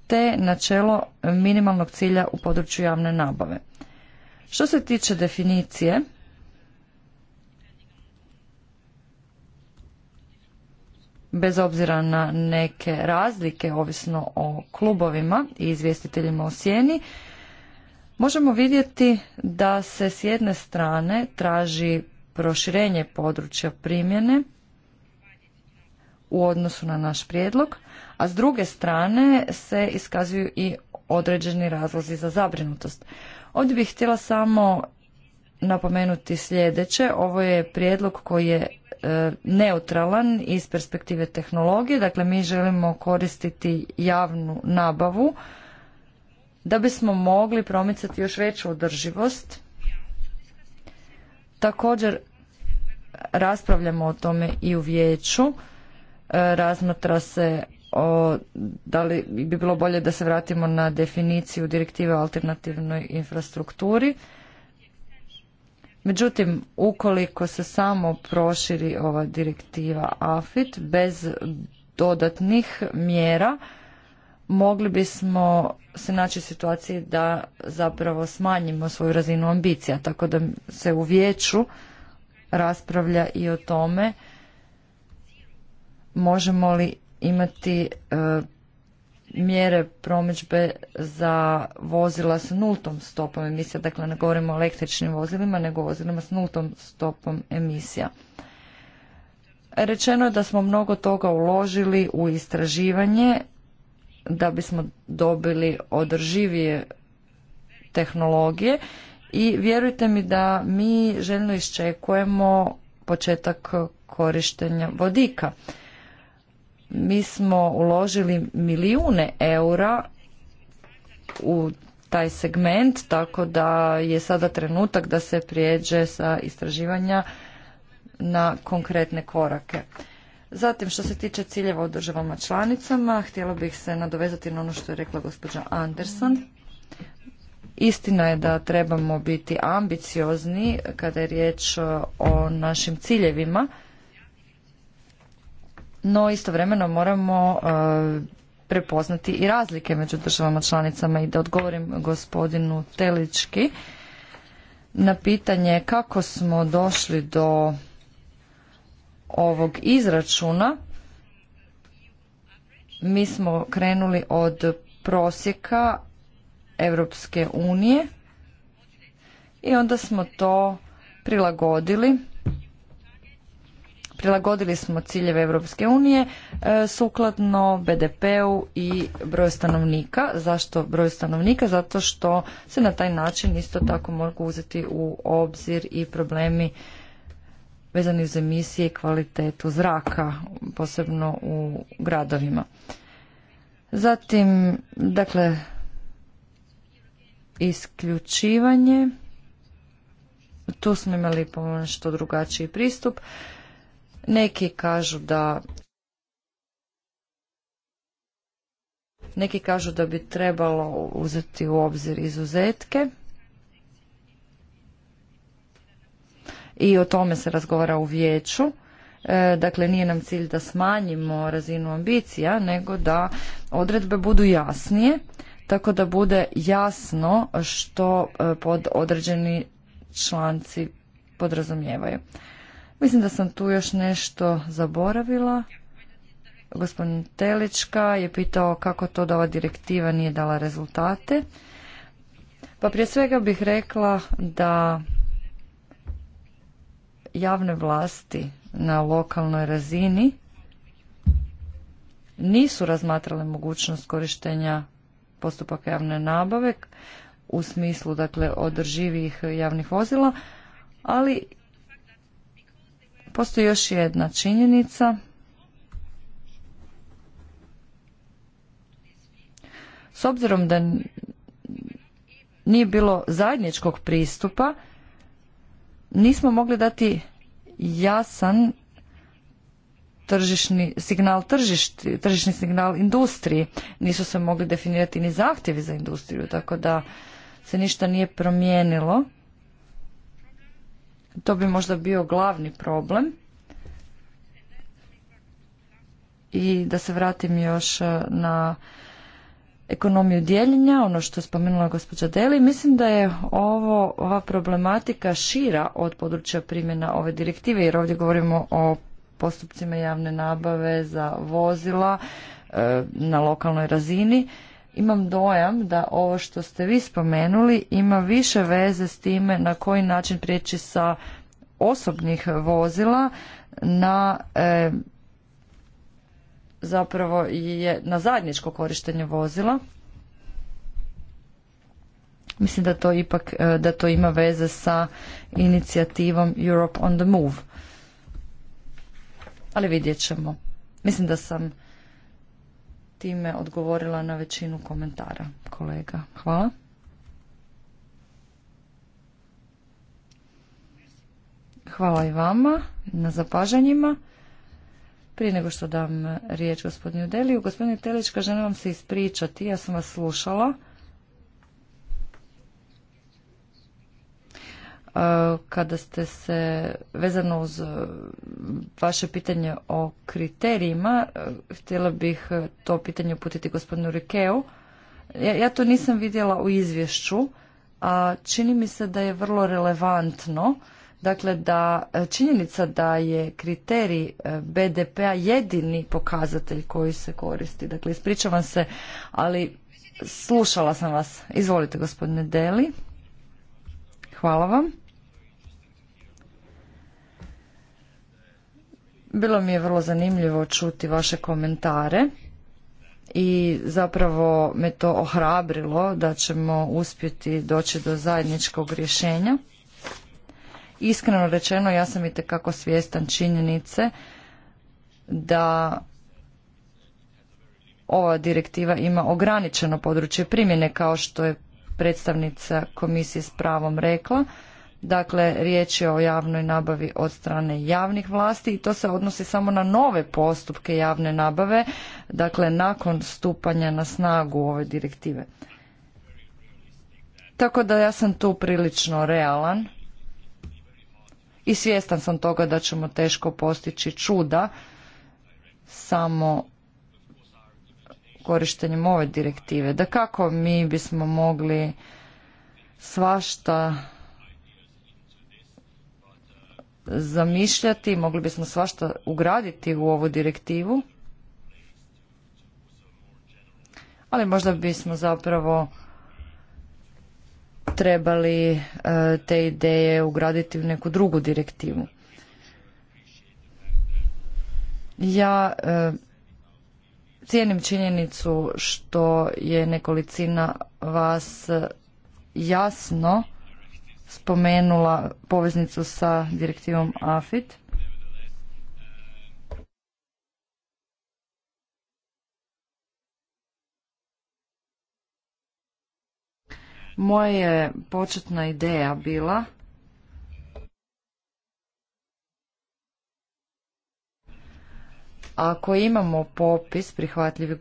te načelo minimalnog cilja u području javne nabave. Što se tiče definicije, bez obzira na neke razlike, ovisno o klubovima i izvjestiteljima o sjeni, možemo vidjeti da se s jedne strane traži proširenje područja primjene u odnosu na naš prijedlog, a s druge strane se iskazuju i određeni razlozi za zabrinutost. Ovdje bih htjela samo napomenuti sljedeće. Ovo je prijedlog koji je e, neutralan iz perspektive tehnologije. Dakle, mi želimo koristiti javnu nabavu da bismo mogli promicati još veću održivost. Također, raspravljamo o tome i u vijeću. E, razmatra se da li bi bilo bolje da se vratimo na definiciju direktive o alternativnoj infrastrukturi. Međutim, ukoliko se samo proširi ova direktiva AFIT bez dodatnih mjera, mogli bismo se naći u situaciji da zapravo smanjimo svoju razinu ambicija, tako da se u vijeću raspravlja i o tome možemo li imati e, mjere promidžbe za vozila s nultom stopom emisija. Dakle, ne govorimo o električnim vozilima, nego o vozilima s nultom stopom emisija. Rečeno je da smo mnogo toga uložili u istraživanje da bismo dobili održivije tehnologije i vjerujte mi da mi željno iščekujemo početak korištenja vodika. Mi smo uložili milijune eura u taj segment, tako da je sada trenutak da se prijeđe sa istraživanja na konkretne korake. Zatim, što se tiče ciljeva u državama članicama, htjela bih se nadovezati na ono što je rekla gospođa Anderson. Istina je da trebamo biti ambiciozni kada je riječ o našim ciljevima, no istovremeno moramo e, prepoznati i razlike među državama članicama i da odgovorim gospodinu Telički na pitanje kako smo došli do ovog izračuna. Mi smo krenuli od prosjeka Europske unije i onda smo to prilagodili Prilagodili smo ciljeve Europske unije e, sukladno BDP-u i broju stanovnika. Zašto broju stanovnika? Zato što se na taj način isto tako mogu uzeti u obzir i problemi vezani uz emisije i kvalitetu zraka, posebno u gradovima. Zatim, dakle, isključivanje. Tu smo imali po što drugačiji pristup. Neki kažu da Neki kažu da bi trebalo uzeti u obzir izuzetke i o tome se razgovara u vijeću. E, dakle, nije nam cilj da smanjimo razinu ambicija, nego da odredbe budu jasnije, tako da bude jasno što e, pod određeni članci podrazumijevaju. Mislim da sam tu još nešto zaboravila. Gospodin Telička je pitao kako to da ova direktiva nije dala rezultate. Pa prije svega bih rekla da javne vlasti na lokalnoj razini nisu razmatrale mogućnost korištenja postupaka javne nabave u smislu dakle održivih javnih vozila, ali Postoji još jedna činjenica. S obzirom da nije bilo zajedničkog pristupa, nismo mogli dati jasan tržišni signal tržišni signal industriji. Nisu se mogli definirati ni zahtjevi za industriju, tako da se ništa nije promijenilo. To bi možda bio glavni problem. I da se vratim još e, na ekonomiju dijeljenja, ono što je spomenula gospođa Deli, mislim da je ovo, ova problematika šira od područja primjena ove direktive, jer ovdje govorimo o postupcima javne nabave za vozila e, na lokalnoj razini imam dojam da ovo što ste vi spomenuli ima više veze s time na koji način prijeći sa osobnih vozila na e, zapravo je na zajedničko korištenje vozila. Mislim da to ipak e, da to ima veze sa inicijativom Europe on the Move. Ali vidjet ćemo. Mislim da sam time odgovorila na većinu komentara kolega. Hvala. Hvala i vama na zapažanjima. Prije nego što dam riječ gospodinu Deliju, gospodine Telička, želim vam se ispričati, ja sam vas slušala. kada ste se vezano uz e, vaše pitanje o kriterijima, e, htjela bih to pitanje uputiti gospodinu Rikeu. Ja, to nisam vidjela u izvješću, a čini mi se da je vrlo relevantno. Dakle, da e, činjenica da je kriterij BDP-a jedini pokazatelj koji se koristi. Dakle, ispričavam se, ali slušala sam vas. Izvolite, gospodine Deli. Hvala vam. Bilo mi je vrlo zanimljivo čuti vaše komentare i zapravo me to ohrabrilo da ćemo uspjeti doći do zajedničkog rješenja. Iskreno rečeno, ja sam i tekako svjestan činjenice da ova direktiva ima ograničeno područje primjene kao što je predstavnica komisije s pravom rekla Dakle, riječ je o javnoj nabavi od strane javnih vlasti i to se odnosi samo na nove postupke javne nabave, dakle nakon stupanja na snagu ove direktive. Tako da ja sam tu prilično realan i svjestan sam toga da ćemo teško postići čuda samo korištenjem ove direktive. Da kako mi bismo mogli svašta zamišljati, mogli bismo svašta ugraditi u ovu direktivu, ali možda bismo zapravo trebali e, te ideje ugraditi u neku drugu direktivu. Ja e, cijenim činjenicu što je nekolicina vas jasno spomenula poveznicu sa direktivom AFIT. Moja je početna ideja bila Ako imamo popis prihvatljivih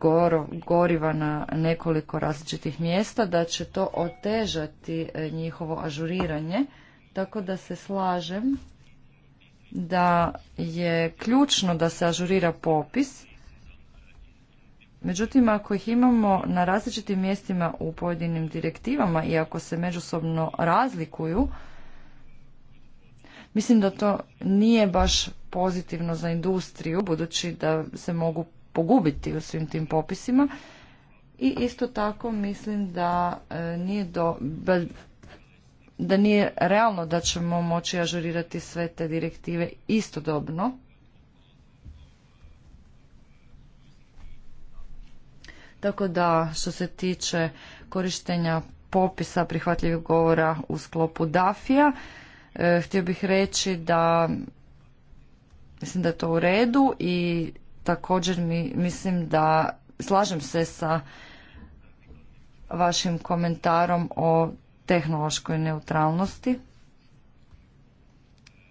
goriva na nekoliko različitih mjesta, da će to otežati e, njihovo ažuriranje, tako da se slažem da je ključno da se ažurira popis. Međutim, ako ih imamo na različitim mjestima u pojedinim direktivama i ako se međusobno razlikuju, Mislim da to nije baš pozitivno za industriju, budući da se mogu pogubiti u svim tim popisima. I isto tako mislim da e, nije da nije realno da ćemo moći ažurirati sve te direktive istodobno. Tako da što se tiče korištenja popisa prihvatljivih govora u sklopu DAFIA, E, htio bih reći da mislim da je to u redu i također mi, mislim da slažem se sa vašim komentarom o tehnološkoj neutralnosti.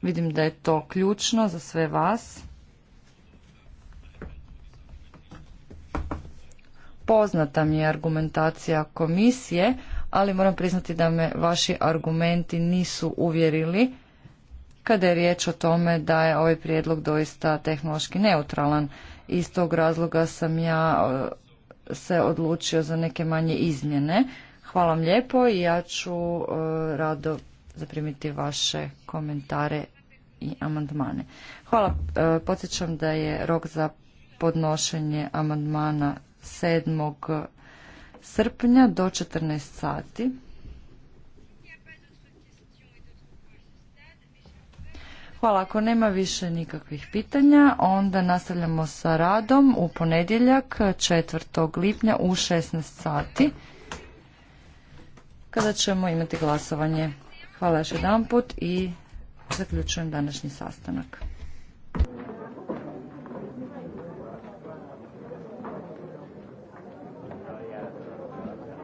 Vidim da je to ključno za sve vas. Poznata mi je argumentacija komisije, ali moram priznati da me vaši argumenti nisu uvjerili kada je riječ o tome da je ovaj prijedlog doista tehnološki neutralan. Iz tog razloga sam ja e, se odlučio za neke manje izmjene. Hvala vam lijepo i ja ću e, rado zaprimiti vaše komentare i amandmane. Hvala, e, podsjećam da je rok za podnošenje amandmana 7 srpnja do 14 sati. Hvala. Ako nema više nikakvih pitanja, onda nastavljamo sa radom u ponedjeljak 4. lipnja u 16 sati kada ćemo imati glasovanje. Hvala još jedan put i zaključujem današnji sastanak.